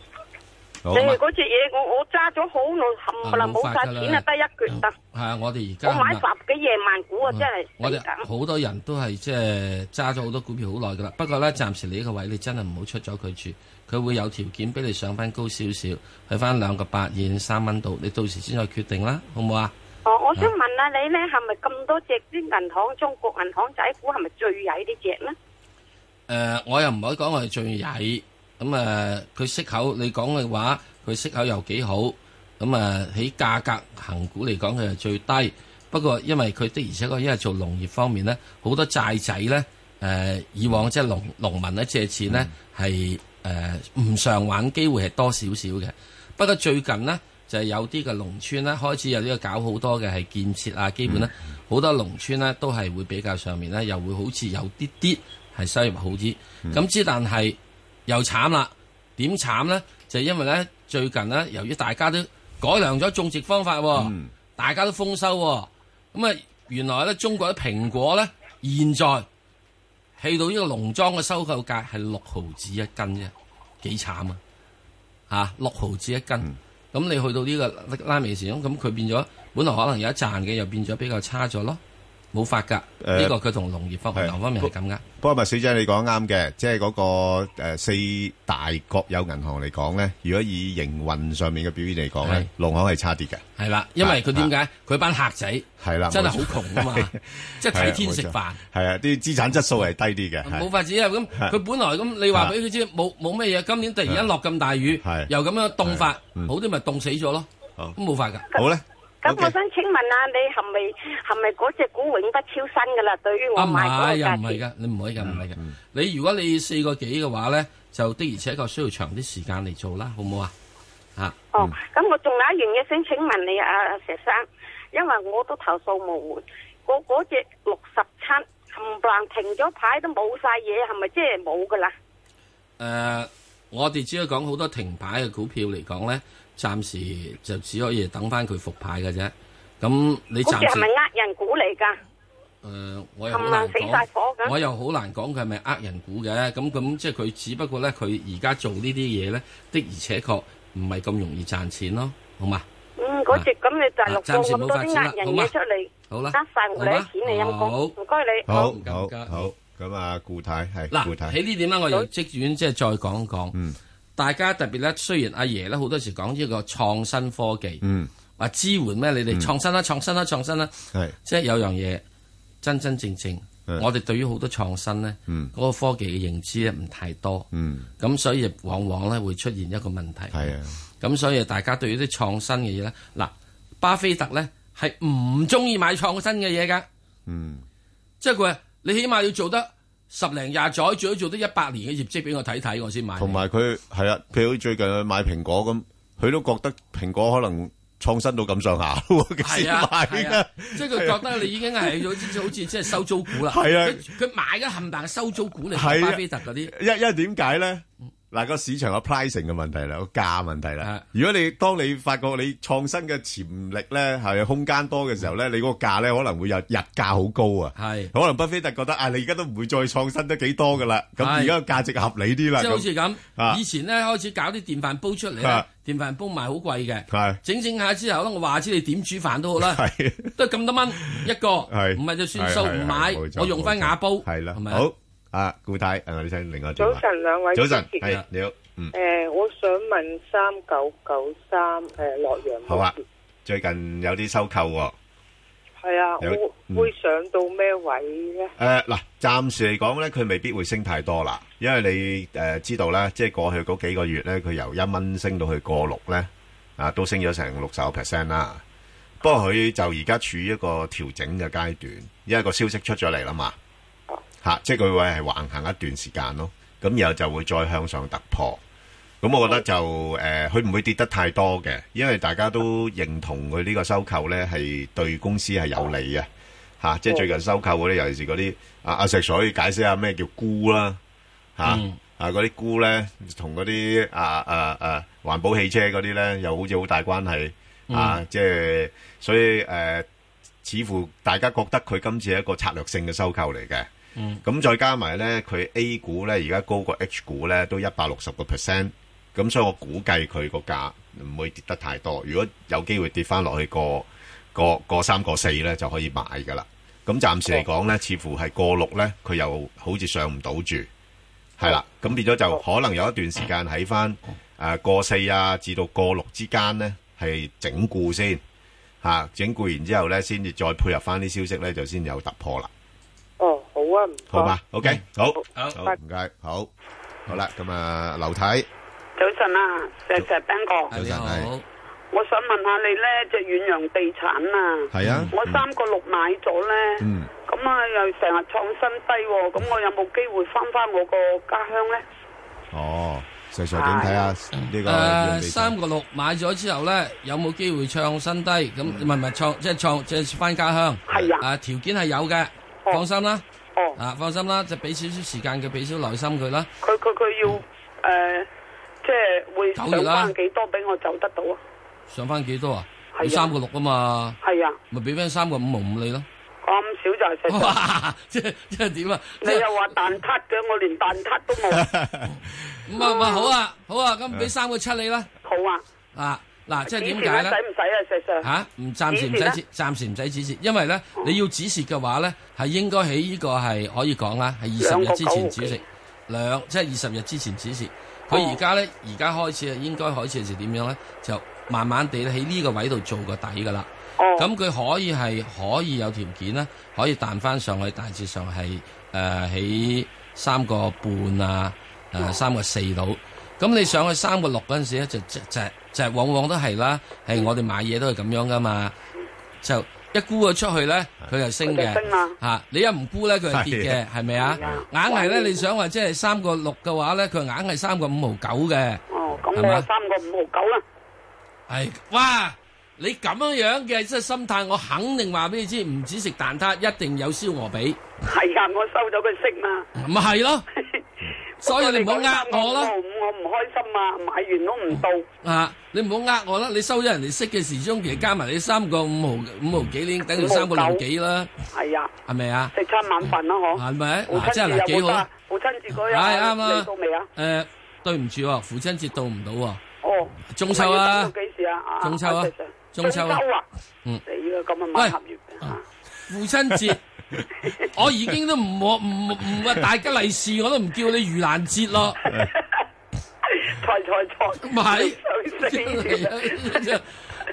正嗰隻嘢，我我揸咗好耐冚唪啦，冇晒錢啊，得一橛得。係啊，我哋而家買十幾廿萬股啊，真係。我哋好多人都係即係揸咗好多股票好耐噶啦，不過咧，暫時你呢個位，你真係唔好出咗佢住，佢會有條件俾你上翻高少少，去翻兩個八現三蚊度，你到時先再決定啦，好唔好啊？哦，我想問下、啊、你咧，係咪咁多隻啲銀行，中國銀行仔股係咪最曳呢隻咧？誒、呃，我又唔可以講我係最曳咁啊。佢、嗯呃、息口，你講嘅話，佢息口又幾好咁啊。喺、嗯呃、價格行股嚟講，佢係最低。不過，因為佢的而且確，因為做農業方面咧，好多債仔咧誒、呃，以往即係農農民咧借錢咧係誒唔常玩機會係多少少嘅。不過最近呢，就有啲嘅農村咧開始有呢個搞好多嘅係建設啊，基本咧好、嗯、多農村咧都係會比較上面咧又會好似有啲啲。係收入好啲，咁、嗯、之但係又慘啦，點慘咧？就因為咧最近咧，由於大家都改良咗種植方法、嗯，大家都豐收，咁啊原來咧中國啲蘋果咧，現在去到呢個農莊嘅收購價係六毫子一斤啫，幾慘啊！啊六毫子一斤，咁、嗯、你去到呢個拉美市場，咁佢變咗本來可能有一賺嘅，又變咗比較差咗咯。冇法噶，呢、呃這個佢同農業方向銀行方面係咁噶。不過咪，小姐你講啱嘅，即係嗰個、呃、四大國有銀行嚟講咧，如果以營運上面嘅表現嚟講咧，農行係差啲嘅。係啦，因為佢點解？佢班客仔係啦，真係好窮啊嘛，即係睇天食飯。係啊，啲資產質素係低啲嘅。冇法子啊！咁佢本來咁，你話俾佢知冇冇咩嘢？今年突然間落咁大雨，又咁樣凍法、嗯，好啲咪凍死咗咯？咁冇法噶。好咧。咁我想請問啊，你係咪係咪嗰隻股永不超生噶啦？對於我買嗰隻？啊唔係，又唔係噶，你唔可以噶，唔係噶。你如果你四個幾嘅話咧，就的而且確需要長啲時間嚟做啦，好唔好啊？啊哦，咁我仲有一樣嘢想請問你啊，石生，因為我都投訴無門，我嗰隻六十七冚唪唥停咗牌都冇晒嘢，係咪即係冇噶啦？誒，我哋只要講好多停牌嘅股票嚟講咧。暫時就只可以等翻佢復牌嘅啫。咁你暫時，嗰係咪呃人股嚟噶？誒、呃，我又好難講，我又好難講佢係咪呃人股嘅。咁咁即係佢只不過咧，佢而家做呢啲嘢咧，的而且確唔係咁容易賺錢咯。好嘛？嗯，嗰隻咁你就、啊、時到咁多啲呃人出嚟，得晒狐狸錢嚟，陰好，唔該你，好好你。好，好，好，咁啊，顧太係，嗱，喺呢點我由職員即係再講一講。大家特別咧，雖然阿爺咧好多時講呢個創新科技，話、嗯、支援咩？你哋創新啦、嗯，創新啦，創新啦，即係有樣嘢真真正正，我哋對於好多創新咧，嗰、嗯、個科技嘅認知咧唔太多，咁、嗯、所以往往咧會出現一個問題。咁、嗯、所以大家對於啲創新嘅嘢咧，嗱、啊，巴菲特咧係唔中意買創新嘅嘢噶，即係佢話你起碼要做得，十零廿載，最好做得一百年嘅業績俾我睇睇，我先買。同埋佢係啊，譬如最近買蘋果咁，佢都覺得蘋果可能創新到咁上下，係啊，即係佢覺得你已經係、啊、好似即係收租股啦。係啊，佢買咗冚大嘅收租股嚟、啊、巴菲特嗰啲。因為因為點解咧？嗱，個市場嘅 pricing 嘅問題啦，個價問題啦。如果你當你發覺你創新嘅潛力咧係空間多嘅時候咧，你嗰個價咧可能會有日價好高啊。係，可能巴菲特覺得啊，你而家都唔會再創新得幾多噶啦。咁而家個價值合理啲啦。即係好似咁，以前咧開始搞啲電飯煲出嚟咧，電飯煲賣好貴嘅。係，整整下之後咧，我話知你點煮飯都好啦。係，都係咁多蚊一個。係，唔係就算數唔買，我用翻瓦煲。係啦，好。啊，顧太，誒，你想另外早晨，兩位早晨。係你好，嗯，誒、欸，我想問三九九三誒洛陽，好啊，最近有啲收購、哦，係啊，我嗯、會上到咩位咧？誒、呃，嗱，暫時嚟講咧，佢未必會升太多啦，因為你誒知道呢，即、就、係、是、過去嗰幾個月咧，佢由一蚊升到去過六咧，啊，都升咗成六十個 percent 啦。不過佢就而家處於一個調整嘅階段，因為個消息出咗嚟啦嘛。嚇，即係佢會係橫行一段時間咯，咁然後就會再向上突破。咁我覺得就誒，佢唔會跌得太多嘅，因為大家都認同佢呢個收購呢係對公司係有利嘅。嚇，即係最近收購嗰啲，尤其是嗰啲啊阿石，所以解釋下咩叫沽啦嚇，啊嗰啲沽呢同嗰啲啊啊啊環保汽車嗰啲呢又好似好大關係啊，即係所以誒，似乎大家覺得佢今次係一個策略性嘅收購嚟嘅。咁、嗯、再加埋呢，佢 A 股呢，而家高過 H 股呢，都一百六十個 percent。咁所以我估計佢個價唔會跌得太多。如果有機會跌翻落去過過過三個四呢，就可以買噶啦。咁、嗯、暫時嚟講呢，似乎係過六呢，佢又好似上唔到住，係啦。咁變咗就可能有一段時間喺翻誒過四啊至到過六之間呢，係整固先吓、啊，整固完之後呢，先至再配合翻啲消息呢，就先有突破啦。好嘛，OK，好好，唔該，好好啦，咁啊，劉太，早晨啊，石石斌哥，早晨，係，我想問下你咧，隻遠洋地產啊，係啊，我三個六買咗咧，咁啊又成日創新低喎，咁我有冇機會翻翻我個家鄉咧？哦，石石點睇啊？呢個，誒，三個六買咗之後咧，有冇機會創新低？咁唔係唔係創，即係創，即係翻家鄉？係啊，啊條件係有嘅，放心啦。哦、啊，放心啦，就係俾少少時間佢，俾少耐心佢啦。佢佢佢要，誒、嗯呃，即係會上返幾多俾我走得到啊？上翻幾多啊？要三個六啊嘛。係啊。咪俾翻三個五毛五你咯。咁少就係四，即係即係點啊？你又話蛋撻嘅，我連蛋撻都冇。唔係唔係，好啊好啊，咁俾三個七你啦。好啊。啊。嗱、啊，即係點解咧？使唔使啊，暫時唔使止，暫時唔使止蝕。因為咧、嗯、你要止蝕嘅話咧，係應該喺呢個係可以講啦，係二十日之前止蝕，兩即係二十日之前止蝕。佢而家咧，而家開始啊，應該開始係點樣咧？就慢慢地喺呢個位度做個底噶啦。咁、哦、佢可以係可以有條件咧，可以彈翻上去，大致上係誒喺三個半啊，誒三個四度。咁、啊、你上去三個六嗰時咧，就就就。就就係、往往都係啦，係、嗯、我哋買嘢都係咁樣噶嘛、嗯，就一沽啊出去咧，佢就升嘅，吓、啊、你一唔沽咧，佢跌嘅，係咪啊，啊？硬係咧，你想話即係三個六嘅話咧，佢硬係三個五毫九嘅，咁、哦、嘛？三個五毫九啦，係哇！你咁樣樣嘅即係心態，我肯定話俾你知，唔止食蛋撻，一定有燒鵝髀。係啊，我收咗佢息嘛。咪係咯。就是 所以你唔好呃我啦，三毫五我唔開心啊！買完都唔到。啊，你唔好呃我啦，你收咗人哋識嘅時鐘，其實加埋你三個五毫五毫幾呢？等於三個零幾啦。係啊，係咪啊？食餐晚飯啦，嗬。係咪？父親節真係幾好啊？父親節嗰日。係啱啦。到未啊？誒，對唔住，父親節到唔到。哦，中秋啊！中秋啊！中秋啊！嗯，死啦！咁啊，買盒月餅。父親節。 我已經都唔我唔唔話大吉利是，我都唔叫你盂蘭節咯。錯錯錯，唔係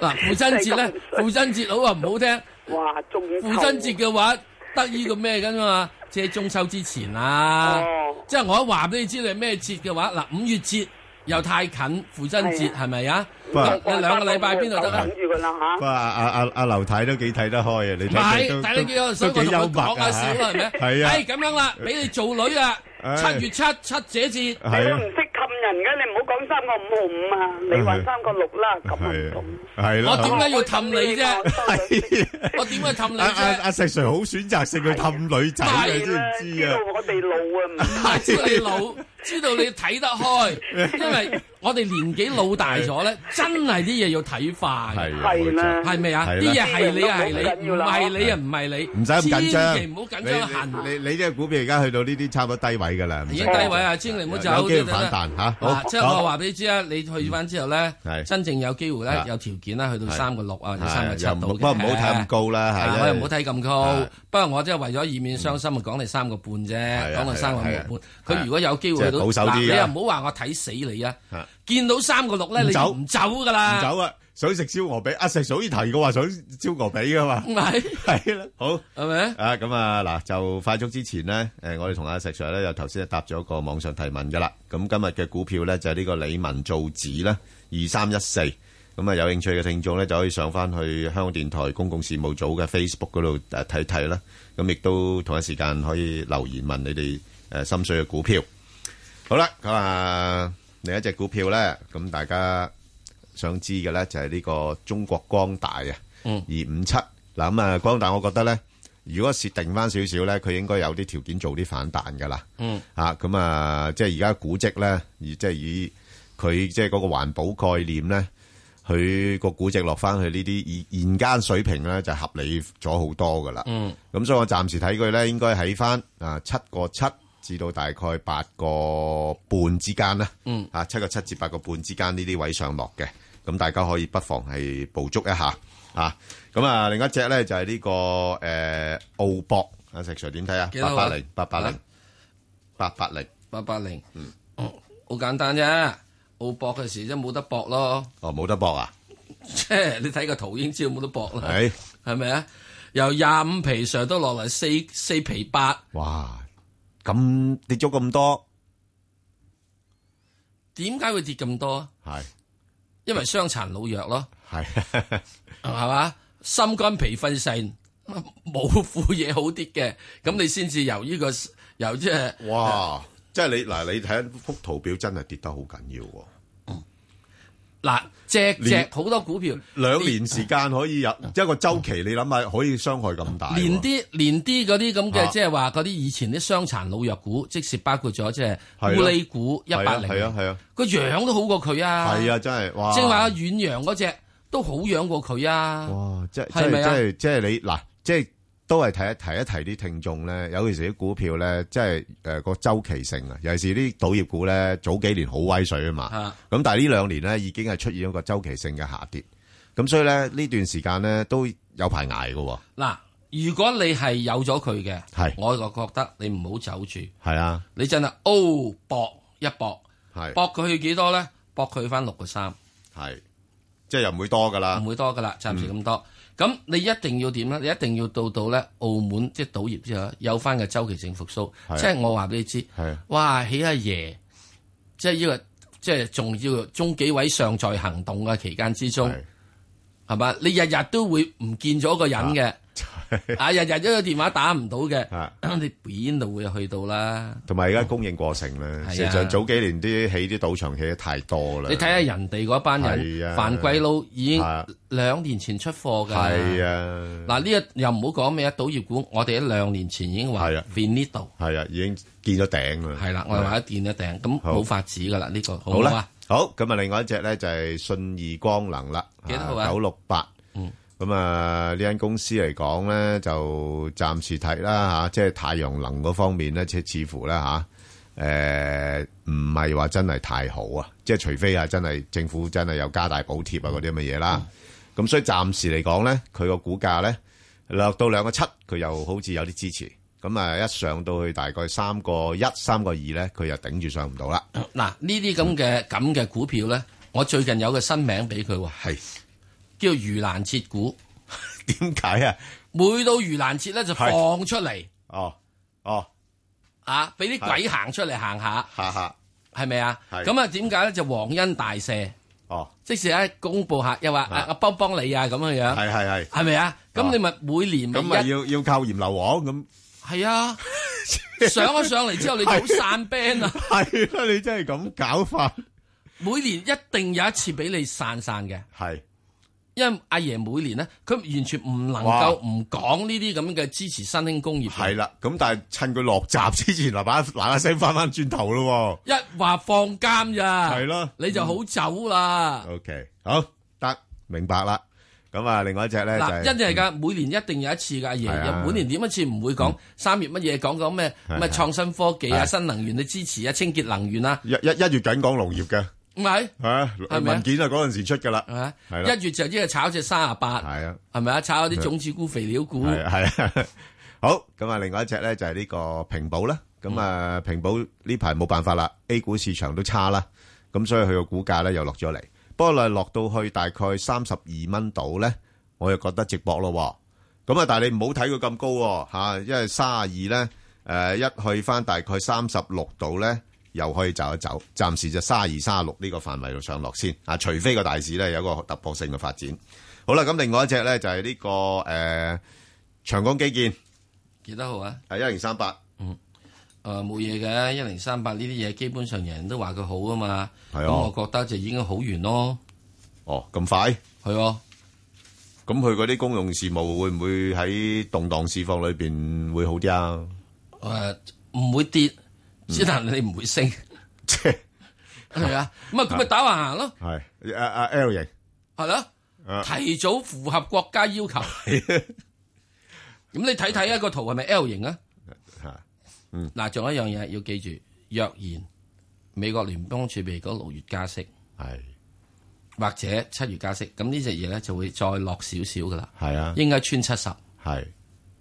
嗱，父親節咧，父親節好話唔好聽，哇，中秋父親節嘅話，得意個咩噶嘛？即 係中秋之前啦，啊，oh. 即係我一話俾你知你係咩節嘅話，嗱，五月節。又太近父親節係咪啊？你兩個禮拜邊度得啊？忍住佢啦嚇！不過阿阿阿劉太都幾睇得開啊！你睇睇你幾多個新個同學講下笑係咪？係啊，係咁樣啦，俾你做女啊！七月七七姐節，你唔識氹人㗎，你唔好講新。個五號五啊，你搵三個六啦，咁運動。係咯，我點解要氹你啫？我點解氹你阿阿、 啊啊、石 Sir 好選擇性去氹女仔你知唔知啊？我哋老啊，唔係知道你老，知道你睇得開是，因為我哋年紀老大咗咧，真係啲嘢要睇化。係啊，係咪啊？啲嘢係你啊，係你，唔係你啊，唔係你。唔使咁緊張，唔好緊張。行，你你呢個股票而家去到呢啲差唔多低位噶啦，已經低位啊，千祈唔好有機會反彈吓。好，即係我話俾。你去翻之後咧，真正有機會咧，有條件啦，去到三個六啊，三個七度。不過唔好睇咁高啦，我又唔好睇咁高，不過我真係為咗以免傷心，講、嗯、你三個半啫，講個三個半。佢如果有機會去到，保守啲。你又唔好話我睇死你啊！見到三個六咧，你就唔走噶啦，唔走啊！想食燒鵝髀，阿石所以提過話想燒鵝髀噶嘛，唔係係啦，好係咪？啊咁啊嗱，就快足快速之前咧，誒，我哋同阿石 sir 咧，又頭先答咗個網上提問噶啦。咁今日嘅股票咧就係呢個李文造紙啦，二三一四。咁啊，有興趣嘅聽眾咧就可以上翻去香港電台公共事務組嘅 Facebook 嗰度誒睇睇啦。咁亦都同一時間可以留言問你哋誒心水嘅股票。好啦，咁啊另一隻股票咧，咁大家。想知嘅咧就係呢個中國光大啊，二、嗯、五七嗱，咁啊光大，我覺得咧，如果設定翻少少咧，佢應該有啲條件做啲反彈噶啦。嗯啊，咁啊，即係而家估值咧，而即係以佢即係嗰個環保概念咧，佢個估值落翻去呢啲以現間水平咧，就合理咗好多噶啦。嗯，咁、啊、所以我暫時睇佢咧，應該喺翻啊七個七至到大概八個半之間啦。嗯啊，七個七至八個半之間呢啲位上落嘅。咁大家可以不妨係捕捉一下，吓、啊、咁啊！另一隻咧就係、是、呢、這個誒澳、呃、博石 Sir 點睇啊？八八零八八零八八零八八零，嗯，好、哦、簡單啫。澳博嘅時真冇得搏咯。哦，冇得搏啊！即 係你睇個圖已經知道冇得搏啦。係係咪啊？由廿五皮上都落嚟四四皮八。哇！咁跌咗咁多，點解會跌咁多啊？係。因為傷殘老弱咯，係係嘛，心肝脾肺腎冇副嘢好啲嘅，咁你先至由呢個由即係，哇！ 即係你嗱，你睇幅圖表真係跌得好緊要。嗱，隻隻好多股票，兩年時間可以有、啊、一個周期，你諗下可以傷害咁大、啊。連啲連啲嗰啲咁嘅，即係話嗰啲以前啲傷殘老弱股，啊、即是包括咗即係護利股一百零，係啊係啊，個、啊啊啊、樣都好過佢啊，係啊真係，哇！即係話遠洋嗰隻都好養過佢啊，哇！即係、啊、即係即係你嗱即係。都係提一提一提啲聽眾咧，有陣時啲股票咧，即係誒個周期性啊，尤其是啲賭業股咧，早幾年好威水啊嘛。咁但係呢兩年咧，已經係出現一個周期性嘅下跌。咁所以咧呢段時間咧都有排捱喎。嗱，如果你係有咗佢嘅，我就覺得你唔好走住。係啊，你真係 O 搏一搏，搏佢去幾多咧？搏佢返六個三，係即係又唔會多噶啦，唔會多噶啦，暫時咁多。嗯咁你一定要點咧？你一定要到到咧澳門即係賭業之後有翻嘅周期性復甦，即係我話俾你知，哇！起阿、啊、爺，即係呢、這個即係仲要中紀委尚在行動嘅期間之中，係嘛？你日日都會唔見咗個人嘅。啊！日日一個電話打唔到嘅、啊， 你邊度會去到啦？同埋而家供應過剩咧，事、啊、實際上早幾年啲起啲賭場起得太多啦。你睇下人哋嗰班人，啊、凡貴佬已經兩年前出貨嘅。係啊，嗱、啊、呢、這個又唔好講咩啊！賭業股，我哋喺兩年前已經話變呢度，係啊，已經見咗頂啦。係啦、啊，我話一見咗頂，咁冇、啊、法子噶啦呢個。好啦，好咁啊！另外一隻咧就係、是、信義光能啦，九六八。啊968，嗯咁啊，呢間公司嚟講咧，就暫時睇啦嚇，即係太陽能嗰方面咧，即係似乎呢，吓唔係話真係太好啊，即係除非啊，真係政府真係有加大補貼啊嗰啲咁嘅嘢啦。咁、嗯、所以暫時嚟講咧，佢個股價咧落到兩個七，佢又好似有啲支持。咁啊，一上到去大概三個一、三個二咧，佢又頂住上唔到啦。嗱，呢啲咁嘅咁嘅股票咧、嗯，我最近有個新名俾佢喎。係。叫盂蘭節股，點解啊？每到盂蘭節咧，就放出嚟哦哦，啊，俾啲鬼出行出嚟行下，行下係咪啊？係咁啊，點解咧就皇恩大赦？哦，即時咧公布下，又話、啊、阿阿邦幫你啊，咁樣樣係係係，係咪啊？咁你咪每年咁咪要要靠閻羅王咁？係啊，上一上嚟之後你就好散 band 啊！係啦，你真係咁搞法，每年一定有一次俾你散散嘅係。因為阿爺每年咧，佢完全唔能夠唔講呢啲咁嘅支持新興工業。係啦，咁但係趁佢落閘之前，嗱把嗱一聲翻翻轉頭咯。一話放監咋？係咯，你就好走啦。OK，好得明白啦。咁啊，另外一隻咧就一定係噶，每年一定有一次噶阿爺。每年點一次唔會講三月乜嘢，講講咩咁啊？創新科技啊，新能源嘅支持啊，清潔能源啊。一一一月緊講農業嘅。唔係，啊文件啊嗰陣時出噶啦，係啦一月就即係炒隻三十八，係啊，係咪啊炒嗰啲種子股肥料股，係啊， 好咁啊，另外一隻咧就係呢個平保啦，咁啊平保呢排冇辦法啦，A 股市場都差啦，咁所以佢個股價咧又落咗嚟，不過落落到去大概三十二蚊度咧，我又覺得值搏咯，咁啊但係你唔好睇佢咁高吓，因為三十二咧誒一去翻大概三十六度咧。又可以走一走，暫時就三二三六呢個範圍度上落先。啊，除非個大市咧有個突破性嘅發展。好啦，咁另外一隻咧就係呢、這個誒、呃、長江基建幾多號啊？係一零三八。嗯，誒冇嘢嘅一零三八呢啲嘢，基本上人人都話佢好啊嘛。係啊，咁我覺得就已經好遠咯。哦，咁快？係啊。咁佢嗰啲公用事務會唔會喺動盪市況裏面會好啲啊？誒、呃，唔會跌。之但你唔會升，即 係啊，咁啊咁咪打橫行咯。係阿、uh, uh, L 型係啦、啊 uh, 提早符合國家要求。咁 你睇睇一個圖係咪 L 型啊？啊嗯，嗱，仲有一樣嘢要記住，若然美國聯邦儲備局六月加息，係、啊、或者七月加息，咁呢隻嘢咧就會再落少少噶啦。係啊，應該穿七十，啊。係。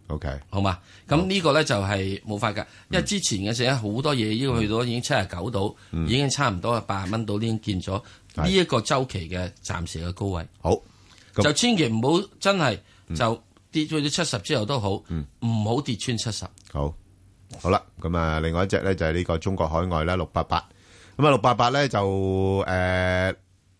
OK，好嘛？咁呢個咧就係冇法噶、嗯，因為之前嘅時候好多嘢已經去到已經七十九度，已經差唔多係八十蚊度，已經見咗呢一個周期嘅暫時嘅高位。好，就千祈唔好真係就跌去到七十之後都好，唔、嗯、好跌穿七十。好好啦，咁啊，另外一隻咧就係呢個中國海外啦，六八八。咁啊，六八八咧就誒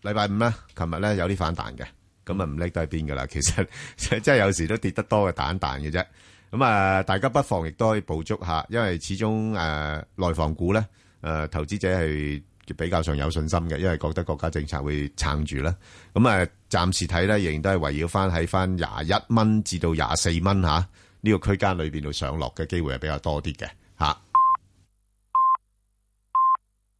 禮拜五咧，琴日咧有啲反彈嘅。咁啊唔叻都係邊噶啦，其實即係有時都跌得多嘅彈彈嘅啫。咁啊，大家不妨亦都可以捕捉一下，因為始終誒、呃、內房股咧，誒、呃、投資者係比較上有信心嘅，因為覺得國家政策會撐住啦。咁、嗯、啊，暫時睇咧仍然都係圍繞翻喺翻廿一蚊至到廿四蚊嚇呢個區間裏面度上落嘅機會係比較多啲嘅。